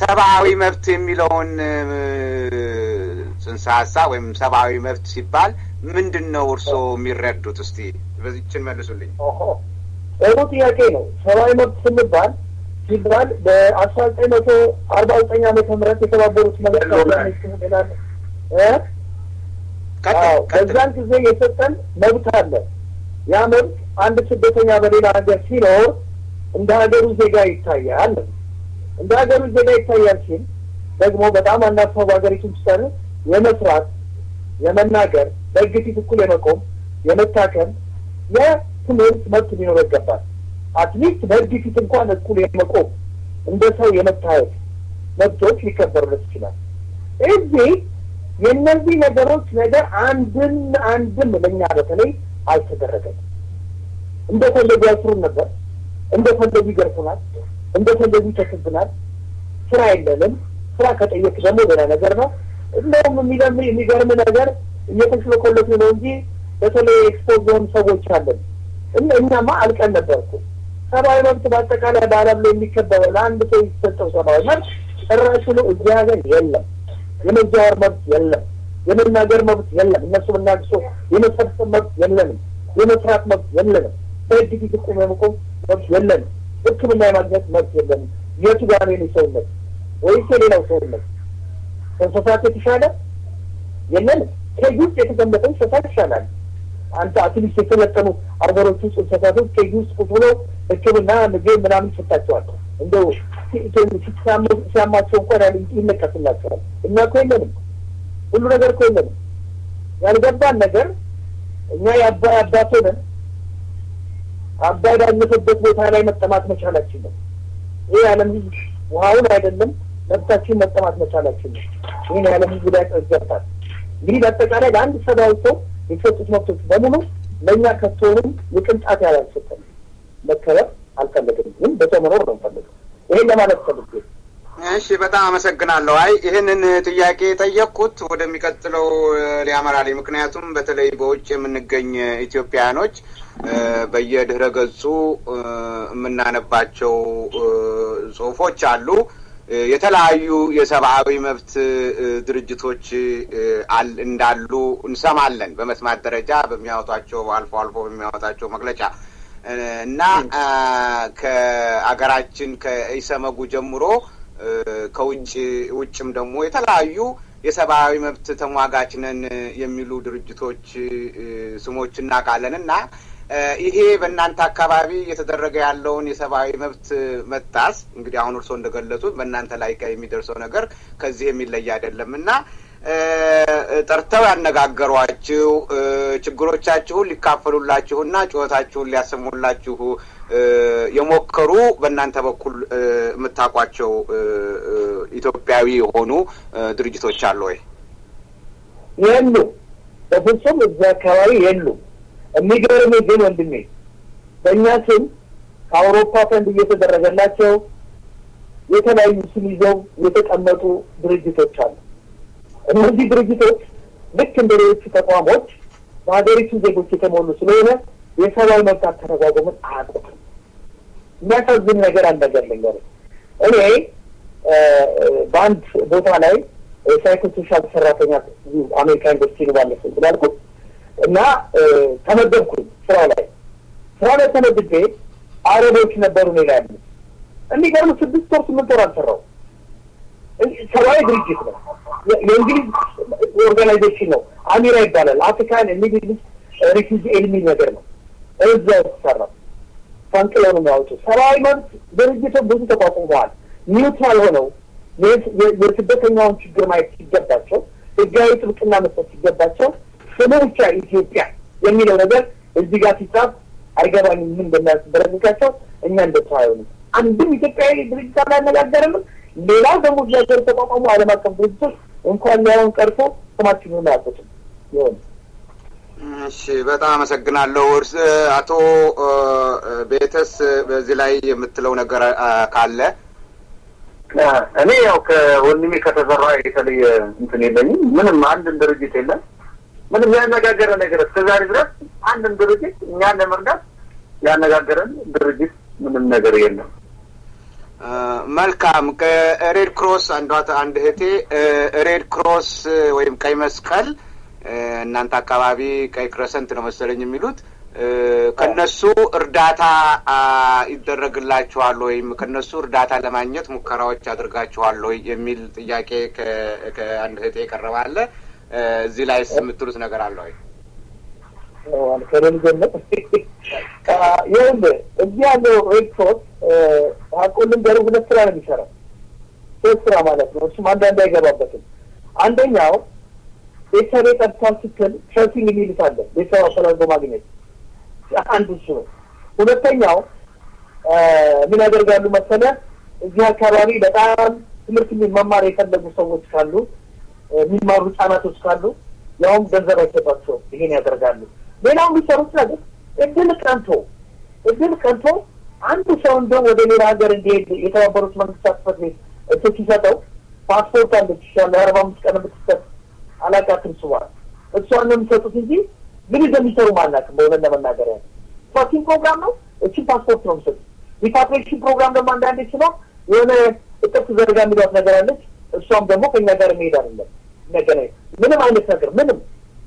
ሰብአዊ መብት የሚለውን ጽንሰ ሀሳብ ወይም ሰብአዊ መብት ሲባል ምንድን ነው እርስዎ የሚረዱት? እስቲ በዚችን መልሱልኝ። ጥሩ ጥያቄ ነው። ሰብአዊ መብት ስንባል ሲባል በአስራ ዘጠኝ መቶ አርባ ዘጠኝ አመተ ምህረት የተባበሩት መንግስታት በዛን ጊዜ የሰጠን መብት አለ። ያ መብት አንድ ስደተኛ በሌላ ሀገር ሲኖር እንደ ሀገሩ ዜጋ ይታያል። እንደ ሀገሩ ዜጋ ይታያል ሲል ደግሞ በጣም አናፍሰው በሀገሪቱ ውስጥ የመስራት፣ የመናገር፣ በሕግ ፊት እኩል የመቆም፣ የመታከም፣ የትምህርት መብት ሊኖር ይገባል። አትሊስት በሕግ ፊት እንኳን እኩል የመቆም እንደ ሰው የመታየት መብቶች ሊከበሩለት ይችላል እዚህ የእነዚህ ነገሮች ነገር አንድም አንድም ለእኛ በተለይ አልተደረገም። እንደፈለጉ ያስሩን ነበር፣ እንደፈለጉ ይገርፉናል፣ እንደፈለጉ ይተስብናል። ስራ የለንም። ስራ ከጠየቅ ደግሞ ሌላ ነገር ነው። እንደውም የሚገርም ነገር እየተሽለኮለቱ ነው እንጂ በተለይ ኤክስፖዝ የሆኑ ሰዎች አለን። እኛማ አልቀን ነበር እኮ ሰብአዊ መብት በአጠቃላይ በዓለም ላይ የሚከበረው ለአንድ ሰው የተሰጠው ሰብአዊ መብት ጭራሹን እዚህ ሀገር የለም። የመጃወር መብት የለም። የመናገር መብት የለም። እነሱ ምናግሶ የመሰብሰብ መብት የለንም። የመስራት መብት የለንም። በእጅ ፊት ቁም የመቆም መብት የለንም። ሕክምና የማግኘት መብት የለንም። የቱ ጋር ነው የኔ ሰውነት ወይስ የሌላው ሰውነት? ከእንስሳት የተሻለ የለንም። ከጅ ውስጥ የተገመጠ እንስሳት ይሻላል። አንተ አትሊስት የተለቀኑ አርበሮቹ እንስሳቶች ከጅ ውስጥ ቁጭ ብለው ሕክምና ምግብ ምናምን ይሰጣቸዋል እንደው ሲያማቸው እንኳን ይነቀስላቸዋል። እኛ እኮ የለንም፣ ሁሉ ነገር እኮ የለንም። ያልገባን ነገር እኛ የአባይ አባት ሆነን አባይ ባለፈበት ቦታ ላይ መጠማት መቻላችን ነው። ይህ የዓለም ሕዝብ ውሃውን አይደለም መብታችን መጠማት መቻላችን ነው። ይህን የዓለም ሕዝብ ላይ ይገባል። እንግዲህ በአጠቃላይ ለአንድ ሰብአዊ ሰው የተሰጡት መብቶች በሙሉ ለእኛ ከቶሆኑም የቅንጣት ያላልሰጠን መከበር አልፈለግም፣ ግን በሰው መኖር ነው እንፈልገው ይሄን ለማለት እሺ፣ በጣም አመሰግናለሁ። አይ ይህንን ጥያቄ የጠየቅኩት ወደሚቀጥለው ሊያመራል ምክንያቱም በተለይ በውጭ የምንገኝ ኢትዮጵያውያኖች በየድህረ ገጹ የምናነባቸው ጽሁፎች አሉ። የተለያዩ የሰብአዊ መብት ድርጅቶች እንዳሉ እንሰማለን። በመስማት ደረጃ በሚያወጧቸው አልፎ አልፎ በሚያወጣቸው መግለጫ እና ከአገራችን ከኢሰመጉ ጀምሮ ከውጭ ውጭም ደግሞ የተለያዩ የሰብአዊ መብት ተሟጋች ነን የሚሉ ድርጅቶች ስሞች እናውቃለን እና ይሄ በእናንተ አካባቢ እየተደረገ ያለውን የሰብአዊ መብት መጣስ እንግዲህ አሁን እርስዎ እንደገለጹት በእናንተ ላይ የሚደርሰው ነገር ከዚህ የሚለይ አይደለም እና ጠርተው ያነጋገሯችሁ ችግሮቻችሁን ሊካፈሉላችሁና ጩኸታችሁን ሊያሰሙላችሁ የሞከሩ በእናንተ በኩል የምታውቋቸው ኢትዮጵያዊ የሆኑ ድርጅቶች አሉ ወይ? የሉ፣ በፍጹም እዛ አካባቢ የሉ። የሚገርም ግን ወንድሜ በእኛ ስም ከአውሮፓ ፈንድ እየተደረገላቸው የተለያዩ ስም ይዘው የተቀመጡ ድርጅቶች አሉ። እነዚህ ድርጅቶች ልክ እንደ ሌሎቹ ተቋሞች በሀገሪቱ ዜጎች የተሞሉ ስለሆነ የሰብአዊ መብት ተረጓጎምን አያውቁትም። የሚያሳዝን ነገር አልነገርልኝ እኔ በአንድ ቦታ ላይ ሳይኮሶሻል ሰራተኛ አሜሪካ ዩኒቨርሲቲ ነው ባለፈ ስላልኩት እና ተመደብኩኝ ስራው ላይ ስራ ላይ ተመድቤ አረቦች ነበሩ እኔ ላይ ያሉ። የሚገርም ስድስት ወር ስምንት ወር አልሰራው ሰብአዊ ድርጅት ነው። የእንግሊዝ ኦርጋናይዜሽን ነው። አሚራ ይባላል። አፍሪካን ሚድል ሪፊውጂ የሚል ነገር ነው። እዛ የተሰራ ፈንቅለው ነው የሚያወጡ ሰብአዊ መብት ድርጅቶች ብዙ ተቋቁመዋል። ኒውትራል ሆነው የስደተኛውን ችግር ማየት ሲገባቸው፣ ህጋዊ ጥብቅና መስጠት ሲገባቸው ስሙ ብቻ ኢትዮጵያ የሚለው ነገር እዚህ ጋር ሲጻፍ አይገባኝ ምን እንደሚያስበረግጋቸው እኛ እንደተዋየሆኑ አንድም ኢትዮጵያዊ ድርጅት አላነጋገርንም። ሌላ ደግሞ እያገር የተቋቋሙ ዓለም አቀፍ ድርጅቶች እንኳን ሊያውን ቀርቶ ስማችን አያውቁትም። ይሆን እሺ፣ በጣም አመሰግናለሁ። እርስ አቶ ቤተስ በዚህ ላይ የምትለው ነገር ካለ እኔ ያው ከወንድሜ ከተዘራ የተለየ እንትን የለኝም። ምንም አንድም ድርጅት የለም። ምንም ያነጋገረ ነገር እስከዛሬ ድረስ አንድም ድርጅት እኛን ለመርዳት ያነጋገረን ድርጅት ምንም ነገር የለም። መልካም። ከሬድ ክሮስ አንዷ አንድ እህቴ ሬድ ክሮስ ወይም ቀይ መስቀል እናንተ አካባቢ ቀይ ክረሰንት ነው መሰለኝ የሚሉት ከነሱ እርዳታ ይደረግላችኋል ወይም ከነሱ እርዳታ ለማግኘት ሙከራዎች አድርጋችኋል ወይ የሚል ጥያቄ ከአንድ እህቴ የቀረባለ እዚህ ላይ የምትሉት ነገር አለ ወይ? ከደል ገለጥ ይኸውልህ እዚህ ያለው ሬድ ሶስ ደሩ ሁለት ስራ ነው የሚሰራው። ሶስት ስራ ማለት ነው። እሱም አንዳንድ አይገባበትም። አንደኛው ቤተሰቤ ጠጥታል ስትል ትሬሲንግ የሚሉት አለ። ቤተሰብ አፈላልጎ ማግኘት አንዱ እሱ ነው። ሁለተኛው ምን ያደርጋሉ መሰለ እዚህ አካባቢ በጣም ትምህርት መማር የፈለጉ ሰዎች ካሉ የሚማሩ ህጻናቶች ካሉ ያውም ገንዘብ አይሰጧቸውም። ይሄን ያደርጋሉ። ሌላውን የሚሰሩት ነገር እድል ቀንቶ እድል ቀንቶ አንዱ ሰው እንደው ወደ ሌላ ሀገር እንዲሄድ የተባበሩት መንግስታት ፈት ቤት እሱ ሲሰጠው ፓስፖርት አለች ይሻለ አርባ አምስት ቀን ምትሰጥ አላቃትም ስዋል እሷን ነው የሚሰጡት እንጂ ምን እንደሚሰሩ አናውቅም። በእውነት ለመናገር ያለ ፋሲን ፕሮግራም ነው። እችን ፓስፖርት ነው የሚሰጡት። ሪፓትሬሽን ፕሮግራም ደግሞ አንዳንዴ ሲኖር የሆነ እጥፍ ዘርጋ የሚሏት ነገር አለች። እሷም ደግሞ ከኛ ጋር መሄድ አይደለም ነገር ምንም አይነት ነገር ምንም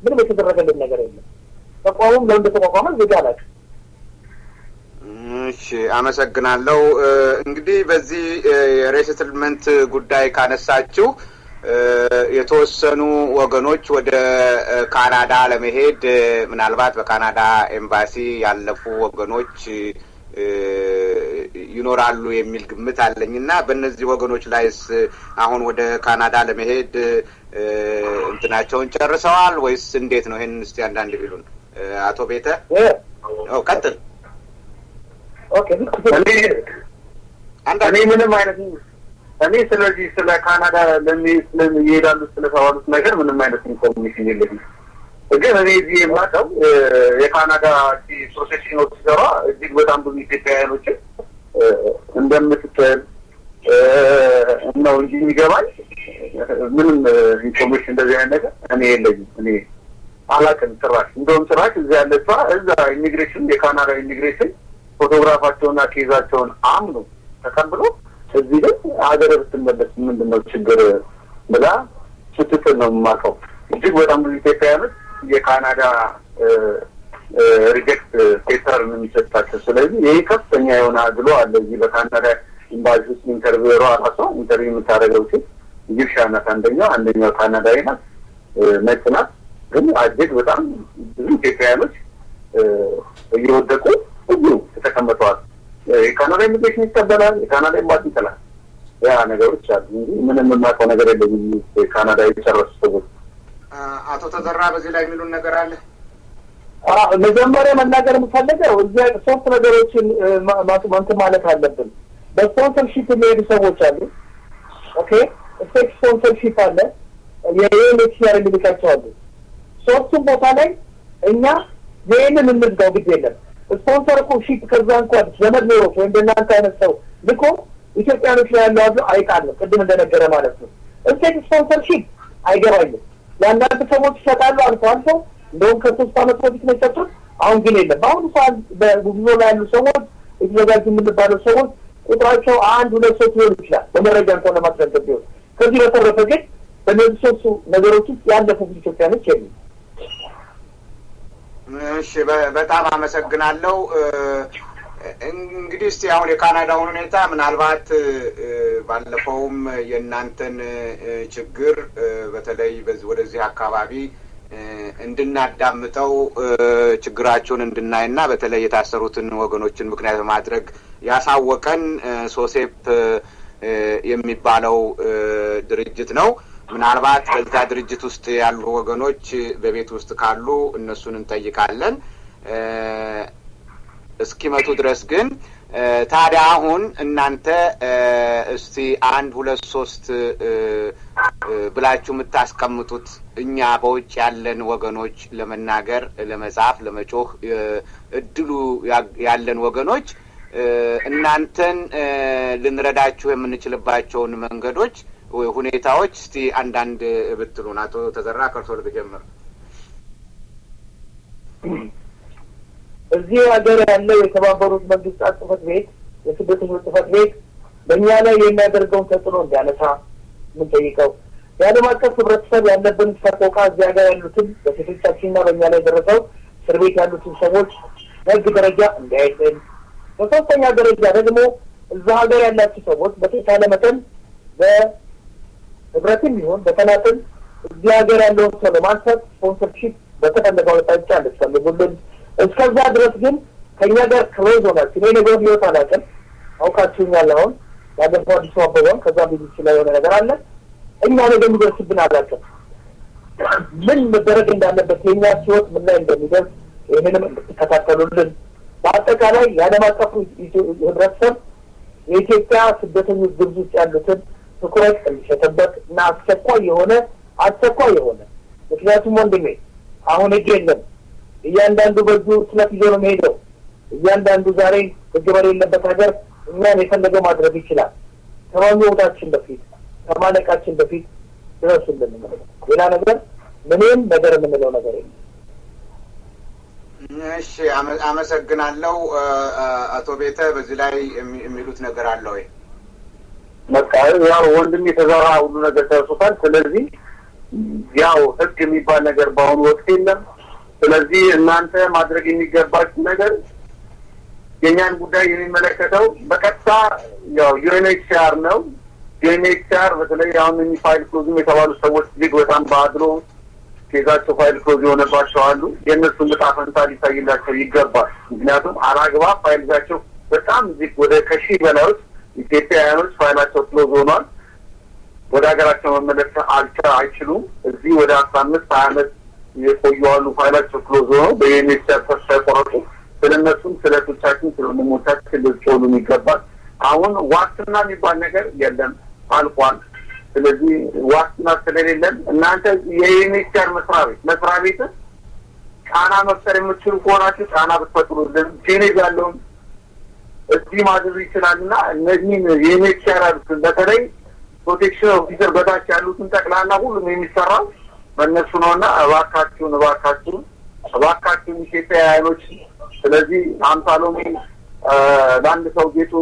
ምንም የተደረገልን ነገር የለም። ተቋሙም ለምን እንደተቋቋመ ዜጋ ናቸው። እሺ አመሰግናለሁ። እንግዲህ በዚህ የሬሴትልመንት ጉዳይ ካነሳችሁ የተወሰኑ ወገኖች ወደ ካናዳ ለመሄድ ምናልባት በካናዳ ኤምባሲ ያለፉ ወገኖች ይኖራሉ የሚል ግምት አለኝ እና በእነዚህ ወገኖች ላይስ አሁን ወደ ካናዳ ለመሄድ እንትናቸውን ጨርሰዋል ወይስ እንዴት ነው? ይህን እስቲ አንዳንድ ቢሉን። አቶ ቤተ ው ቀጥል። እኔ ምንም አይነት እኔ ስለዚህ ስለ ካናዳ ይሄዳሉ ስለተባሉት ነገር ምንም አይነት ኢንፎርሜሽን የለኝም። ግን እኔ እዚህ የማውቀው eh, የካናዳ ፕሮሴሲንግ ሲሰራ እጅግ በጣም ብዙ ኢትዮጵያውያኖችን eh, እንደምትተል eh, ነው እንጂ የሚገባኝ ምንም ኢንፎርሜሽን እንደዚህ አይነት ነገር እኔ የለኝም እኔ አላቅም ጭራሽ። እንደውም ጭራሽ ያለ ያለቷ እዛ ኢሚግሬሽን የካናዳ ኢሚግሬሽን ፎቶግራፋቸውና ኬዛቸውን አምኖ ተቀብሎ እዚህ ግን ሀገር ብትመለስ ምንድን ነው ችግር ብላ ስትጥል ነው የማውቀው። እጅግ በጣም ብዙ ኢትዮጵያውያኖች የካናዳ ሪጀክት ፔፐር ነው የሚሰጣቸው። ስለዚህ ይህ ከፍተኛ የሆነ አድሎ አለ። እዚህ በካናዳ ኢምባሲ ውስጥ ኢንተርቪሮ አራሷ ኢንተርቪው የምታደርገው ሲል ጊብሻ ናት። አንደኛው አንደኛው ካናዳዊ ናት፣ ነጭ ናት። ግን እጅግ በጣም ብዙ ኢትዮጵያውያኖች እየወደቁ ሁሉ ተቀምጠዋል። የካናዳ ኢሚግሬሽን ይቀበላል፣ የካናዳ ኤምባሲ ይላል። ያ ነገሮች አሉ እንጂ ምንም የምናውቀው ነገር የለም። የካናዳ የጨረሱ ሰዎች አቶ ተዘራ በዚህ ላይ የሚሉን ነገር አለ። መጀመሪያ መናገር የምፈልገው እዚያ ሶስት ነገሮችን እንትን ማለት አለብን። በስፖንሰርሺፕ የሚሄዱ ሰዎች አሉ። ኦኬ ስቴክ ስፖንሰርሺፕ አለ። የዩኤንኤችሲአር የሚልካቸው አሉ ሶስቱም ቦታ ላይ እኛ ይህንን እንዝጋው ግድ የለም። ስፖንሰር እኮ ሺት ከዛ እንኳን ዘመድ ኖሮት ወይም በእናንተ አይነት ሰው ልኮ ኢትዮጵያኖች ላይ ያለው አብሎ አይጣልም። ቅድም እንደነገረ ማለት ነው። እስቴት ስፖንሰርሺፕ አይገባኝም። ለአንዳንድ ሰዎች ይሰጣሉ አልፎ አልፎ። እንደውም ከሶስት አመት በፊት ነው የሰጡት። አሁን ግን የለም። በአሁኑ ሰዓት በጉዞ ላይ ያሉ ሰዎች የተዘጋጁ የምንባለው ሰዎች ቁጥራቸው አንድ ሁለት ሶስት ሊሆን ይችላል፣ በመረጃ እንኳን ለማስረገብ ቢሆን። ከዚህ በተረፈ ግን በእነዚህ ሶስቱ ነገሮች ውስጥ ያለፉ ኢትዮጵያኖች የሉም። እሺ በጣም አመሰግናለሁ። እንግዲህ እስቲ አሁን የካናዳውን ሁኔታ ምናልባት ባለፈውም የእናንተን ችግር በተለይ ወደዚህ አካባቢ እንድናዳምጠው ችግራቸውን እንድናይና በተለይ የታሰሩትን ወገኖችን ምክንያት በማድረግ ያሳወቀን ሶሴፕ የሚባለው ድርጅት ነው። ምናልባት በዛ ድርጅት ውስጥ ያሉ ወገኖች በቤት ውስጥ ካሉ እነሱን እንጠይቃለን እስኪመቱ ድረስ ግን ታዲያ አሁን እናንተ እስቲ አንድ ሁለት ሶስት ብላችሁ የምታስቀምጡት እኛ በውጭ ያለን ወገኖች ለመናገር፣ ለመጻፍ፣ ለመጮህ እድሉ ያለን ወገኖች እናንተን ልንረዳችሁ የምንችልባቸውን መንገዶች ሁኔታዎች እስቲ አንዳንድ ብትሉን። አቶ ተዘራ ከእርሶ ልጀምር። እዚህ ሀገር ያለው የተባበሩት መንግስታት ጽህፈት ቤት የስደተኞች ጽህፈት ቤት በእኛ ላይ የሚያደርገውን ተጽዕኖ እንዲያነሳ የምንጠይቀው የዓለም አቀፍ ህብረተሰብ ያለብን ሰቆቃ እዚህ ሀገር ያሉትን በሴቶቻችንና በእኛ ላይ የደረሰው እስር ቤት ያሉትን ሰዎች በህግ ደረጃ እንዲያይልን፣ በሶስተኛ ደረጃ ደግሞ እዛ ሀገር ያላችሁ ሰዎች በተቻለ መጠን ህብረትም ይሁን በተናጠል እዚህ ሀገር ያለውን ሰው ለማንሳት ስፖንሰርሺፕ በተፈለገ ሁኔታ ብቻ እንደስፈልጉልን እስከዛ ድረስ ግን ከእኛ ጋር ክሎዝ ሆናል። እኔ ነገር ህይወት አላውቅም አውቃችሁኛል። አሁን ያለፈው አዲሱ አበባም ከዛ ቤቶች ላይ የሆነ ነገር አለ። እኛ ነገ የሚደርስብን አላውቅም። ምን መደረግ እንዳለበት የእኛ ህይወት ምን ላይ እንደሚደርስ ይህንንም እንድትከታተሉልን በአጠቃላይ የአለም አቀፉ ህብረተሰብ የኢትዮጵያ ስደተኞች ግብጽ ውስጥ ያሉትን ትኩረት የሚሰጥበት እና አስቸኳይ የሆነ አስቸኳይ የሆነ ምክንያቱም ወንድሜ አሁን እጅ የለም። እያንዳንዱ በእጁ ስለት ይዞ ነው የሚሄደው። እያንዳንዱ ዛሬ ህግ በሌለበት ሀገር እኛን የፈለገው ማድረግ ይችላል። ከማግኘታችን በፊት ከማለቃችን በፊት ድረሱ ድረሱልን። ሌላ ነገር ምንም ነገር የምንለው ነገር የለም። እሺ፣ አመሰግናለሁ አቶ ቤተ። በዚህ ላይ የሚሉት ነገር አለ ወይ? በቃ ያው ወንድም የተዘራ ሁሉ ነገር ደርሶታል። ስለዚህ ያው ህግ የሚባል ነገር በአሁኑ ወቅት የለም። ስለዚህ እናንተ ማድረግ የሚገባችሁ ነገር የእኛን ጉዳይ የሚመለከተው በቀጥታ ያው ዩኤንኤችሲአር ነው። ዩኤንኤችሲአር በተለይ አሁን የሚፋይል ክሎዝም የተባሉ ሰዎች እጅግ በጣም በአድሎ ኬዛቸው ፋይል ክሎዝ የሆነባቸው አሉ። የእነሱን ዕጣ ፈንታ ሊታይላቸው ይገባል። ምክንያቱም አላግባብ ፋይልዛቸው በጣም እዚህ ወደ ከሺህ በላይ ውስጥ ኢትዮጵያውያኖች ፋይላቸው ክሎዝ ሆኗል። ወደ ሀገራቸው መመለስ አልቻ አይችሉም። እዚህ ወደ አስራ አምስት ሀያ አመት የቆዩ የቆየዋሉ ፋይላቸው ክሎዝ ሆነው በዩኤንኤችሲአር ተስፋ ስለ እነሱም ስለ እህቶቻችን ስለ ወንድሞቻችን ልትሆኑም ይገባል። አሁን ዋስትና የሚባል ነገር የለም፣ አልቋል። ስለዚህ ዋስትና ስለሌለን እናንተ የዩኤንኤችሲአር መስሪያ ቤት መስሪያ ቤት ጫና መፍጠር የምትችሉ ከሆናችሁ ጫና ብትፈጥሩልን ጄኔቭ ያለውን እዚህ ማድረግ ይችላል እና እነዚህም የኔክሲያራሉትን በተለይ ፕሮቴክሽን ኦፊሰር በታች ያሉትን ጠቅላላ ሁሉም የሚሰራው በእነሱ ነው እና እባካችሁን እባካችሁን እባካችሁን ኢትዮጵያ ኢትዮጵያውያኖች ስለዚህ አምሳ ሎሚ ለአንድ ሰው ጌጡ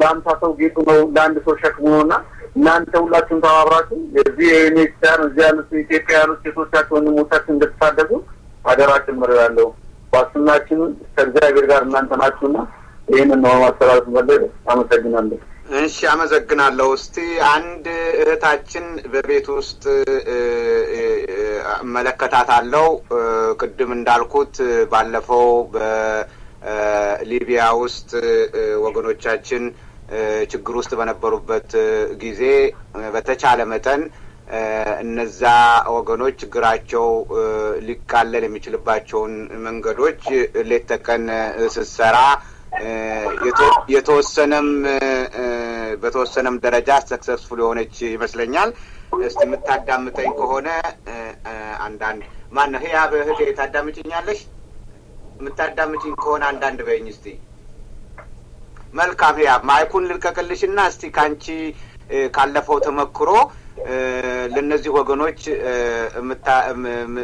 ለአምሳ ሰው ጌጡ ነው ለአንድ ሰው ሸክሙ ነው እና እናንተ ሁላችሁን ተባብራችሁ የዚህ የዩኔክሲያን እዚህ ያሉት ያሉት ሴቶቻቸው ወንድሞቻችን እንደተሳደጉ አደራ ጭምር ያለው ዋስትናችን ከእግዚአብሔር ጋር እናንተ ናችሁና ይህንን ነው ማስተላለፍ አመሰግናለሁ። እሺ አመሰግናለሁ። እስቲ አንድ እህታችን በቤት ውስጥ እመለከታታለሁ። ቅድም እንዳልኩት ባለፈው በሊቢያ ውስጥ ወገኖቻችን ችግር ውስጥ በነበሩበት ጊዜ በተቻለ መጠን እነዛ ወገኖች ችግራቸው ሊቃለል የሚችልባቸውን መንገዶች ሌት ተቀን ስትሰራ የተወሰነም በተወሰነም ደረጃ ሰክሰስፉል የሆነች ይመስለኛል። እስቲ የምታዳምጠኝ ከሆነ አንዳንድ ማን ነው ህያ እህቴ ታዳምጭኛለሽ? የምታዳምጭኝ ከሆነ አንዳንድ በይኝ እስቲ። መልካም ህያ፣ ማይኩን ልልቀቅልሽ እስቲ ከአንቺ ካለፈው ተመክሮ ለእነዚህ ወገኖች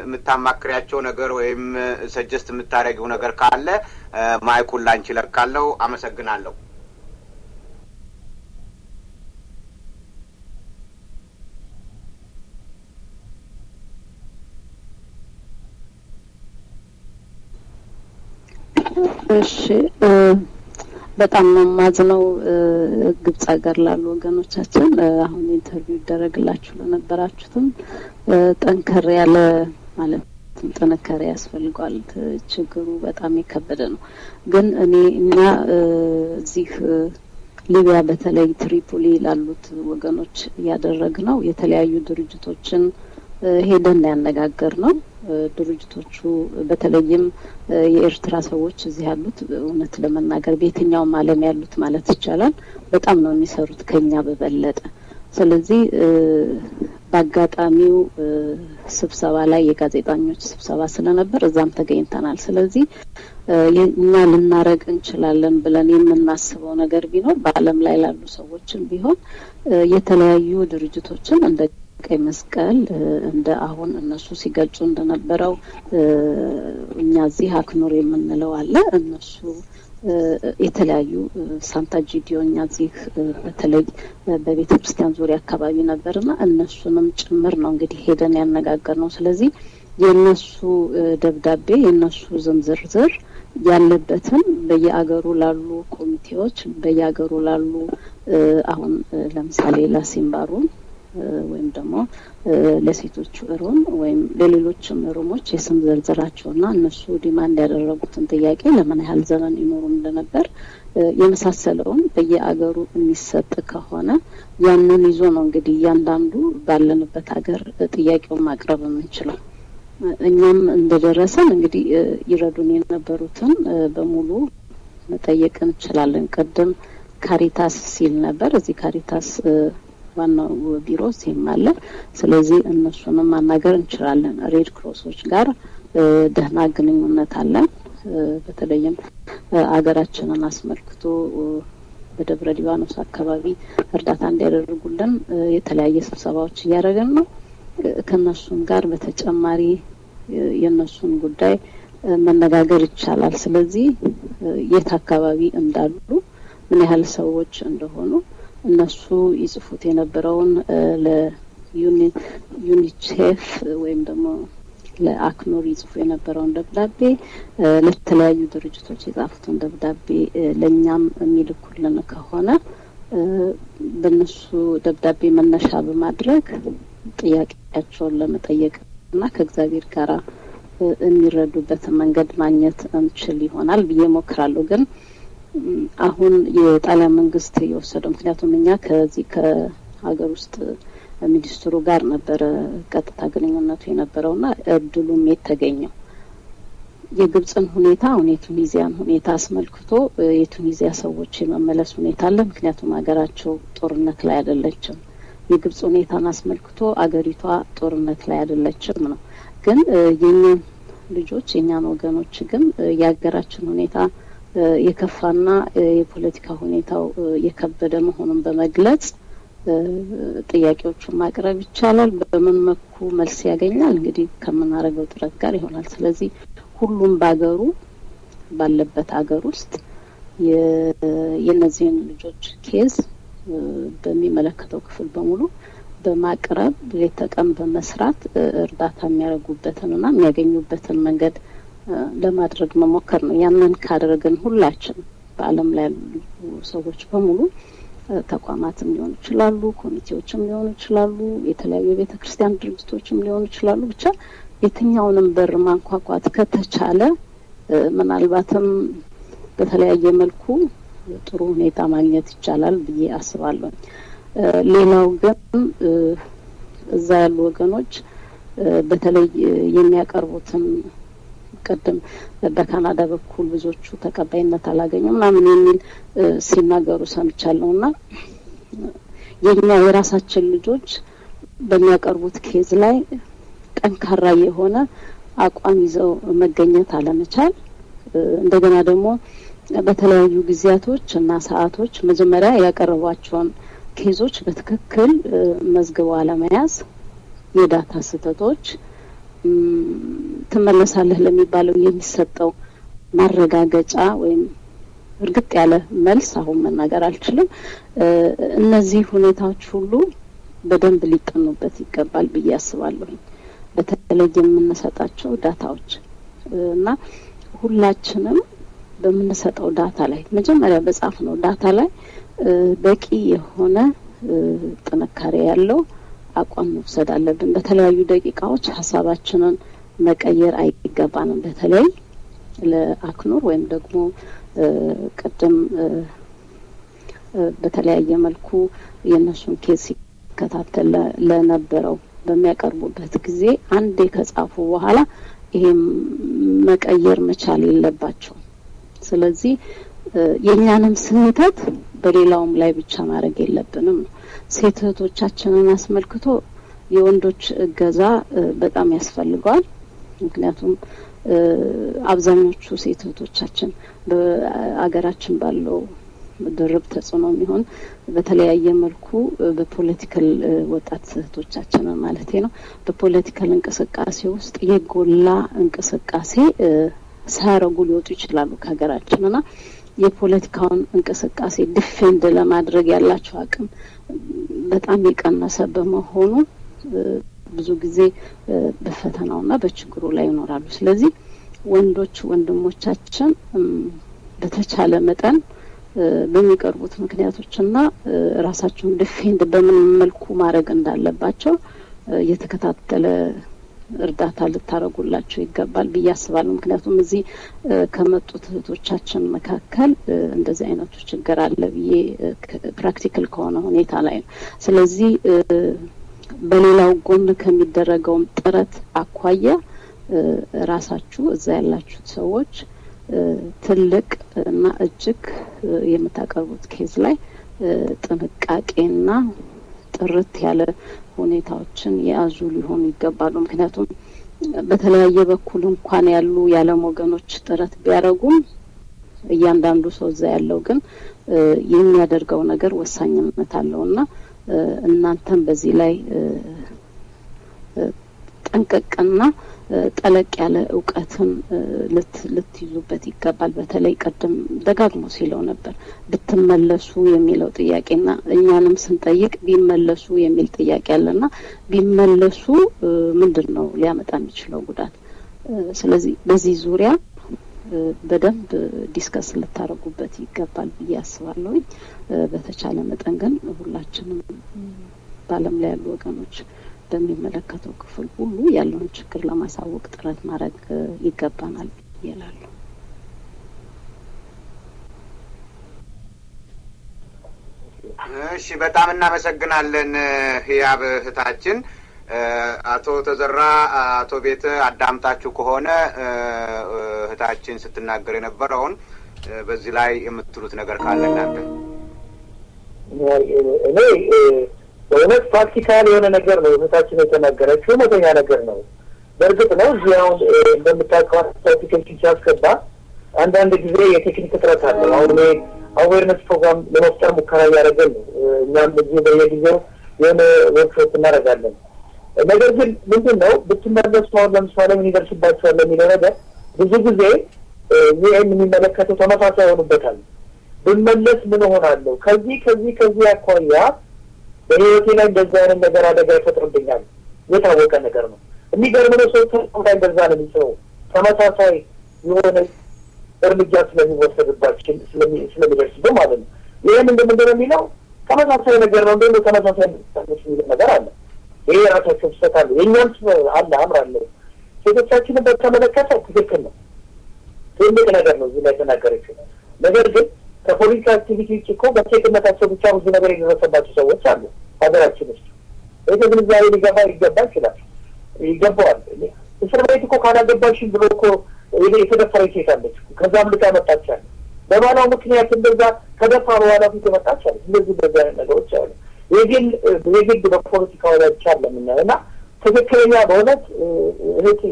የምታማክሪያቸው ነገር ወይም ሰጀስት የምታደረጊው ነገር ካለ ማይኩን ላንቺ ለካለው። አመሰግናለሁ። እሺ በጣም ነው የማዝነው። ግብጽ ሀገር ላሉ ወገኖቻችን አሁን ኢንተርቪው ይደረግላችሁ ለነበራችሁትም ጠንከር ያለ ማለት ጥንካሬ ያስፈልጓል። ችግሩ በጣም የከበደ ነው። ግን እኔ እኛ እዚህ ሊቢያ በተለይ ትሪፖሊ ላሉት ወገኖች እያደረግ ነው የተለያዩ ድርጅቶችን ሄደን ያነጋገር ነው ድርጅቶቹ በተለይም የኤርትራ ሰዎች እዚህ ያሉት እውነት ለመናገር በየትኛውም ዓለም ያሉት ማለት ይቻላል በጣም ነው የሚሰሩት ከኛ በበለጠ። ስለዚህ በአጋጣሚው ስብሰባ ላይ የጋዜጠኞች ስብሰባ ስለነበር እዛም ተገኝተናል። ስለዚህ እኛ ልናረግ እንችላለን ብለን የምናስበው ነገር ቢኖር በዓለም ላይ ላሉ ሰዎችን ቢሆን የተለያዩ ድርጅቶችን እንደ ቀይ መስቀል እንደ አሁን እነሱ ሲገልጹ እንደነበረው እኛ እዚህ አክኑር የምንለው አለ። እነሱ የተለያዩ ሳንታ ጂዲዮ እኛ እዚህ በተለይ በቤተ ክርስቲያን ዙሪያ አካባቢ ነበርና እነሱንም ጭምር ነው እንግዲህ ሄደን ያነጋገር ነው። ስለዚህ የእነሱ ደብዳቤ የእነሱ ዝምዝርዝር ያለበትን በየአገሩ ላሉ ኮሚቴዎች በየአገሩ ላሉ አሁን ለምሳሌ ላሲምባሩ ወይም ደግሞ ለሴቶቹ ሩም ወይም ለሌሎችም ሩሞች የስም እና እነሱ ዲማንድ ያደረጉትን ጥያቄ ለምን ያህል ዘመን ይኖሩ እንደነበር የመሳሰለውን በየአገሩ የሚሰጥ ከሆነ ያንን ይዞ ነው እንግዲህ እያንዳንዱ ባለንበት ሀገር ጥያቄውን ማቅረብ የምንችለው። እኛም እንደደረሰን እንግዲህ ይረዱን የነበሩትን በሙሉ መጠየቅ እንችላለን። ቅድም ካሪታስ ሲል ነበር። እዚህ ካሪታስ ዋናው ቢሮ ሴም አለ። ስለዚህ እነሱንም ማናገር እንችላለን። ሬድ ክሮሶች ጋር ደህና ግንኙነት አለን። በተለይም አገራችንን አስመልክቶ በደብረ ሊባኖስ አካባቢ እርዳታ እንዲያደርጉልን የተለያየ ስብሰባዎች እያደረግን ነው። ከእነሱም ጋር በተጨማሪ የእነሱን ጉዳይ መነጋገር ይቻላል። ስለዚህ የት አካባቢ እንዳሉ ምን ያህል ሰዎች እንደሆኑ እነሱ ይጽፉት የነበረውን ለዩኒሴፍ ወይም ደግሞ ለአክኖር ይጽፉ የነበረውን ደብዳቤ ለተለያዩ ድርጅቶች የጻፉትን ደብዳቤ ለእኛም የሚልኩልን ከሆነ በእነሱ ደብዳቤ መነሻ በማድረግ ጥያቄያቸውን ለመጠየቅ እና ከእግዚአብሔር ጋር የሚረዱበትን መንገድ ማግኘት እንችል ይሆናል ብዬ ሞክራለሁ ግን አሁን የጣሊያን መንግስት የወሰደው ምክንያቱም እኛ ከዚህ ከሀገር ውስጥ ሚኒስትሩ ጋር ነበረ ቀጥታ ግንኙነቱ የነበረውና እድሉም የተገኘው የግብፅን ሁኔታ አሁን የቱኒዚያን ሁኔታ አስመልክቶ የቱኒዚያ ሰዎች የመመለስ ሁኔታ አለ። ምክንያቱም ሀገራቸው ጦርነት ላይ አይደለችም። የግብፅ ሁኔታን አስመልክቶ አገሪቷ ጦርነት ላይ አይደለችም ነው። ግን የኛን ልጆች የኛን ወገኖች ግን የሀገራችን ሁኔታ የከፋና የፖለቲካ ሁኔታው የከበደ መሆኑን በመግለጽ ጥያቄዎቹን ማቅረብ ይቻላል። በምን መኩ መልስ ያገኛል እንግዲህ ከምናደርገው ጥረት ጋር ይሆናል። ስለዚህ ሁሉም በሀገሩ ባለበት ሀገር ውስጥ የእነዚህን ልጆች ኬዝ በሚመለከተው ክፍል በሙሉ በማቅረብ ሌት ተቀን በመስራት እርዳታ የሚያደርጉበትንና የሚያገኙበትን መንገድ ለማድረግ መሞከር ነው። ያንን ካደረግን ሁላችን በዓለም ላይ ያሉ ሰዎች በሙሉ ተቋማትም ሊሆኑ ይችላሉ፣ ኮሚቴዎችም ሊሆኑ ይችላሉ፣ የተለያዩ የቤተ ክርስቲያን ድርጅቶችም ሊሆኑ ይችላሉ። ብቻ የትኛውንም በር ማንኳኳት ከተቻለ ምናልባትም በተለያየ መልኩ ጥሩ ሁኔታ ማግኘት ይቻላል ብዬ አስባለሁ። ሌላው ግን እዛ ያሉ ወገኖች በተለይ የሚያቀርቡትን ቅድም በካናዳ በኩል ብዙዎቹ ተቀባይነት አላገኙ ምናምን የሚል ሲናገሩ ሰምቻለሁ እና የኛ የራሳችን ልጆች በሚያቀርቡት ኬዝ ላይ ጠንካራ የሆነ አቋም ይዘው መገኘት አለመቻል እንደገና ደግሞ በተለያዩ ጊዜያቶች እና ሰዓቶች መጀመሪያ ያቀረቧቸውን ኬዞች በትክክል መዝግቦ አለመያዝ፣ የዳታ ስህተቶች ትመለሳለህ ለሚባለው የሚሰጠው ማረጋገጫ ወይም እርግጥ ያለ መልስ አሁን መናገር አልችልም። እነዚህ ሁኔታዎች ሁሉ በደንብ ሊጠኑበት ይገባል ብዬ አስባለሁ። በተለይ የምንሰጣቸው ዳታዎች እና ሁላችንም በምንሰጠው ዳታ ላይ መጀመሪያ በጻፍ ነው ዳታ ላይ በቂ የሆነ ጥንካሬ ያለው አቋም መውሰድ አለብን። በተለያዩ ደቂቃዎች ሀሳባችንን መቀየር አይገባንም። በተለይ ለአክኖር ወይም ደግሞ ቅድም በተለያየ መልኩ የእነሱን ኬስ ሲከታተል ለነበረው በሚያቀርቡበት ጊዜ አንዴ ከጻፉ በኋላ ይሄ መቀየር መቻል የለባቸውም። ስለዚህ የእኛንም ስህተት በሌላውም ላይ ብቻ ማድረግ የለብንም ነው ሴት እህቶቻችንን አስመልክቶ የወንዶች እገዛ በጣም ያስፈልገዋል። ምክንያቱም አብዛኞቹ ሴት እህቶቻችን በአገራችን ባለው ድርብ ተጽዕኖ የሚሆን በተለያየ መልኩ በፖለቲካል ወጣት እህቶቻችንን ማለት ነው። በፖለቲካል እንቅስቃሴ ውስጥ የጎላ እንቅስቃሴ ሳያረጉ ሊወጡ ይችላሉ ከሀገራችን ና የፖለቲካውን እንቅስቃሴ ዲፌንድ ለማድረግ ያላቸው አቅም በጣም የቀነሰ በመሆኑ ብዙ ጊዜ በፈተናውና በችግሩ ላይ ይኖራሉ። ስለዚህ ወንዶች ወንድሞቻችን በተቻለ መጠን በሚቀርቡት ምክንያቶችና ራሳቸውን ዲፌንድ በምን መልኩ ማድረግ እንዳለባቸው የተከታተለ እርዳታ ልታደረጉላቸው ይገባል ብዬ አስባለሁ። ምክንያቱም እዚህ ከመጡት እህቶቻችን መካከል እንደዚህ አይነቱ ችግር አለ ብዬ ፕራክቲካል ከሆነ ሁኔታ ላይ ነው። ስለዚህ በሌላው ጎን ከሚደረገውም ጥረት አኳያ ራሳችሁ እዛ ያላችሁት ሰዎች ትልቅ እና እጅግ የምታቀርቡት ኬዝ ላይ ጥንቃቄና ጥርት ያለ ሁኔታዎችን የያዙ ሊሆኑ ይገባሉ። ምክንያቱም በተለያየ በኩል እንኳን ያሉ የዓለም ወገኖች ጥረት ቢያደርጉም እያንዳንዱ ሰው እዛ ያለው ግን የሚያደርገው ነገር ወሳኝነት አለው እና እናንተም በዚህ ላይ ጠንቀቅና ጠለቅ ያለ እውቀትም ልት ልትይዙበት ይገባል። በተለይ ቅድም ደጋግሞ ሲለው ነበር ብትመለሱ የሚለው ጥያቄና እኛንም ስንጠይቅ ቢመለሱ የሚል ጥያቄ አለና ቢመለሱ ምንድን ነው ሊያመጣ የሚችለው ጉዳት? ስለዚህ በዚህ ዙሪያ በደንብ ዲስከስ ልታደርጉበት ይገባል ብዬ አስባለሁኝ። በተቻለ መጠን ግን ሁላችንም በዓለም ላይ ያሉ ወገኖች በሚመለከተው ክፍል ሁሉ ያለውን ችግር ለማሳወቅ ጥረት ማድረግ ይገባናል ይላሉ። እሺ፣ በጣም እናመሰግናለን ህያብ እህታችን። አቶ ተዘራ፣ አቶ ቤተ አዳምጣችሁ ከሆነ እህታችን ስትናገር የነበረውን በዚህ ላይ የምትሉት ነገር ካለ እናንተ እኔ በእውነት ፕራክቲካል የሆነ ነገር ነው እህታችን የተናገረችው፣ እውነተኛ ነገር ነው። በእርግጥ ነው እዚህ አሁን እንደምታውቀው አፕሊኬሽን ሲያስገባ አንዳንድ ጊዜ የቴክኒክ እጥረት አለው። አሁን አዌርነስ ፕሮግራም ለመፍጠር ሙከራ እያደረገን ነው። እኛም እዚህ በየጊዜው የሆነ ወርክሾፕ እናደርጋለን። ነገር ግን ምንድን ነው ብትመለሱ አሁን ለምሳሌ ምን ይደርስባቸዋል የሚለው ነገር ብዙ ጊዜ ይህን የሚመለከተው ተመሳሳይ ይሆኑበታል። ብመለስ ምን ሆናለሁ ከዚህ ከዚህ ከዚህ አኳያ በህይወቴ ላይ እንደዚህ አይነት ነገር አደጋ ይፈጥርብኛል የታወቀ ነገር ነው። የሚገርም ነው። ሰው ፍጹም ላይ እንደዛ ነው የሚሰው ተመሳሳይ የሆነ እርምጃ ስለሚወሰድባቸው ስለሚደርስብን ማለት ነው። ይህም እንደምንድነው የሚለው ተመሳሳይ ነገር ነው። እንደ ተመሳሳይ የሚል ነገር አለ። ይሄ የራሳቸው ስህተት አለ፣ የእኛም አለ። አምር አለ። ሴቶቻችንን በተመለከተ ትክክል ነው። ትልቅ ነገር ነው እዚህ ላይ ተናገረችው ነገር ግን Cattolica Civico da che come cazzo diciamo di una vera sabaccio sa WhatsApp adara çıkmış. Öyle bir zahiri gaba ይገባችላል ይገባዋል እስር ቤት እኮ ካላገባሽ ብሎ እኮ እኔ የተደፈረ ይሄዳለች ከዛም ልታ መጣቻል በባሏ ምክንያት እንደዛ ከደፋ በኋላ ፊት መጣቻል እንደዚህ እንደዚህ አይነት ነገሮች አሉ የግል የግድ በፖለቲካ ላይ ብቻ ለምናየው እና ትክክለኛ በእውነት እህት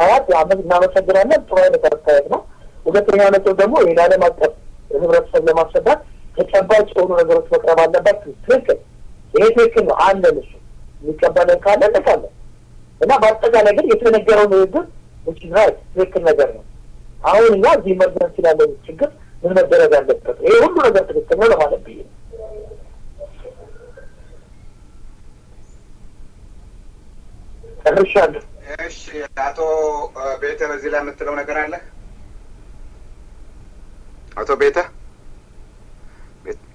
ሀያት እናመሰግናለን ጥሩ አይነት አስተያየት ነው ሁለተኛ ነጥብ ደግሞ ይህን አለም አቀፍ ህብረተሰብ ለማስረዳት ተጨባጭ የሆኑ ነገሮች መቅረብ አለባት። ትክክል ይሄ ትክክል ነው አለን እሱ የሚቀበለን ካለ እንልካለን እና በአጠቃላይ ግን የተነገረው ንግግር ውጭ ራይት ትክክል ነገር ነው። አሁን እኛ እዚህ መርዘን ላለን ችግር ምን መደረግ አለበት? ይሄ ሁሉ ነገር ትክክል ነው ለማለት ብዬ ጨርሻለሁ። እሺ አቶ ቤተ በዚህ ላይ የምትለው ነገር አለ? አቶ ቤተ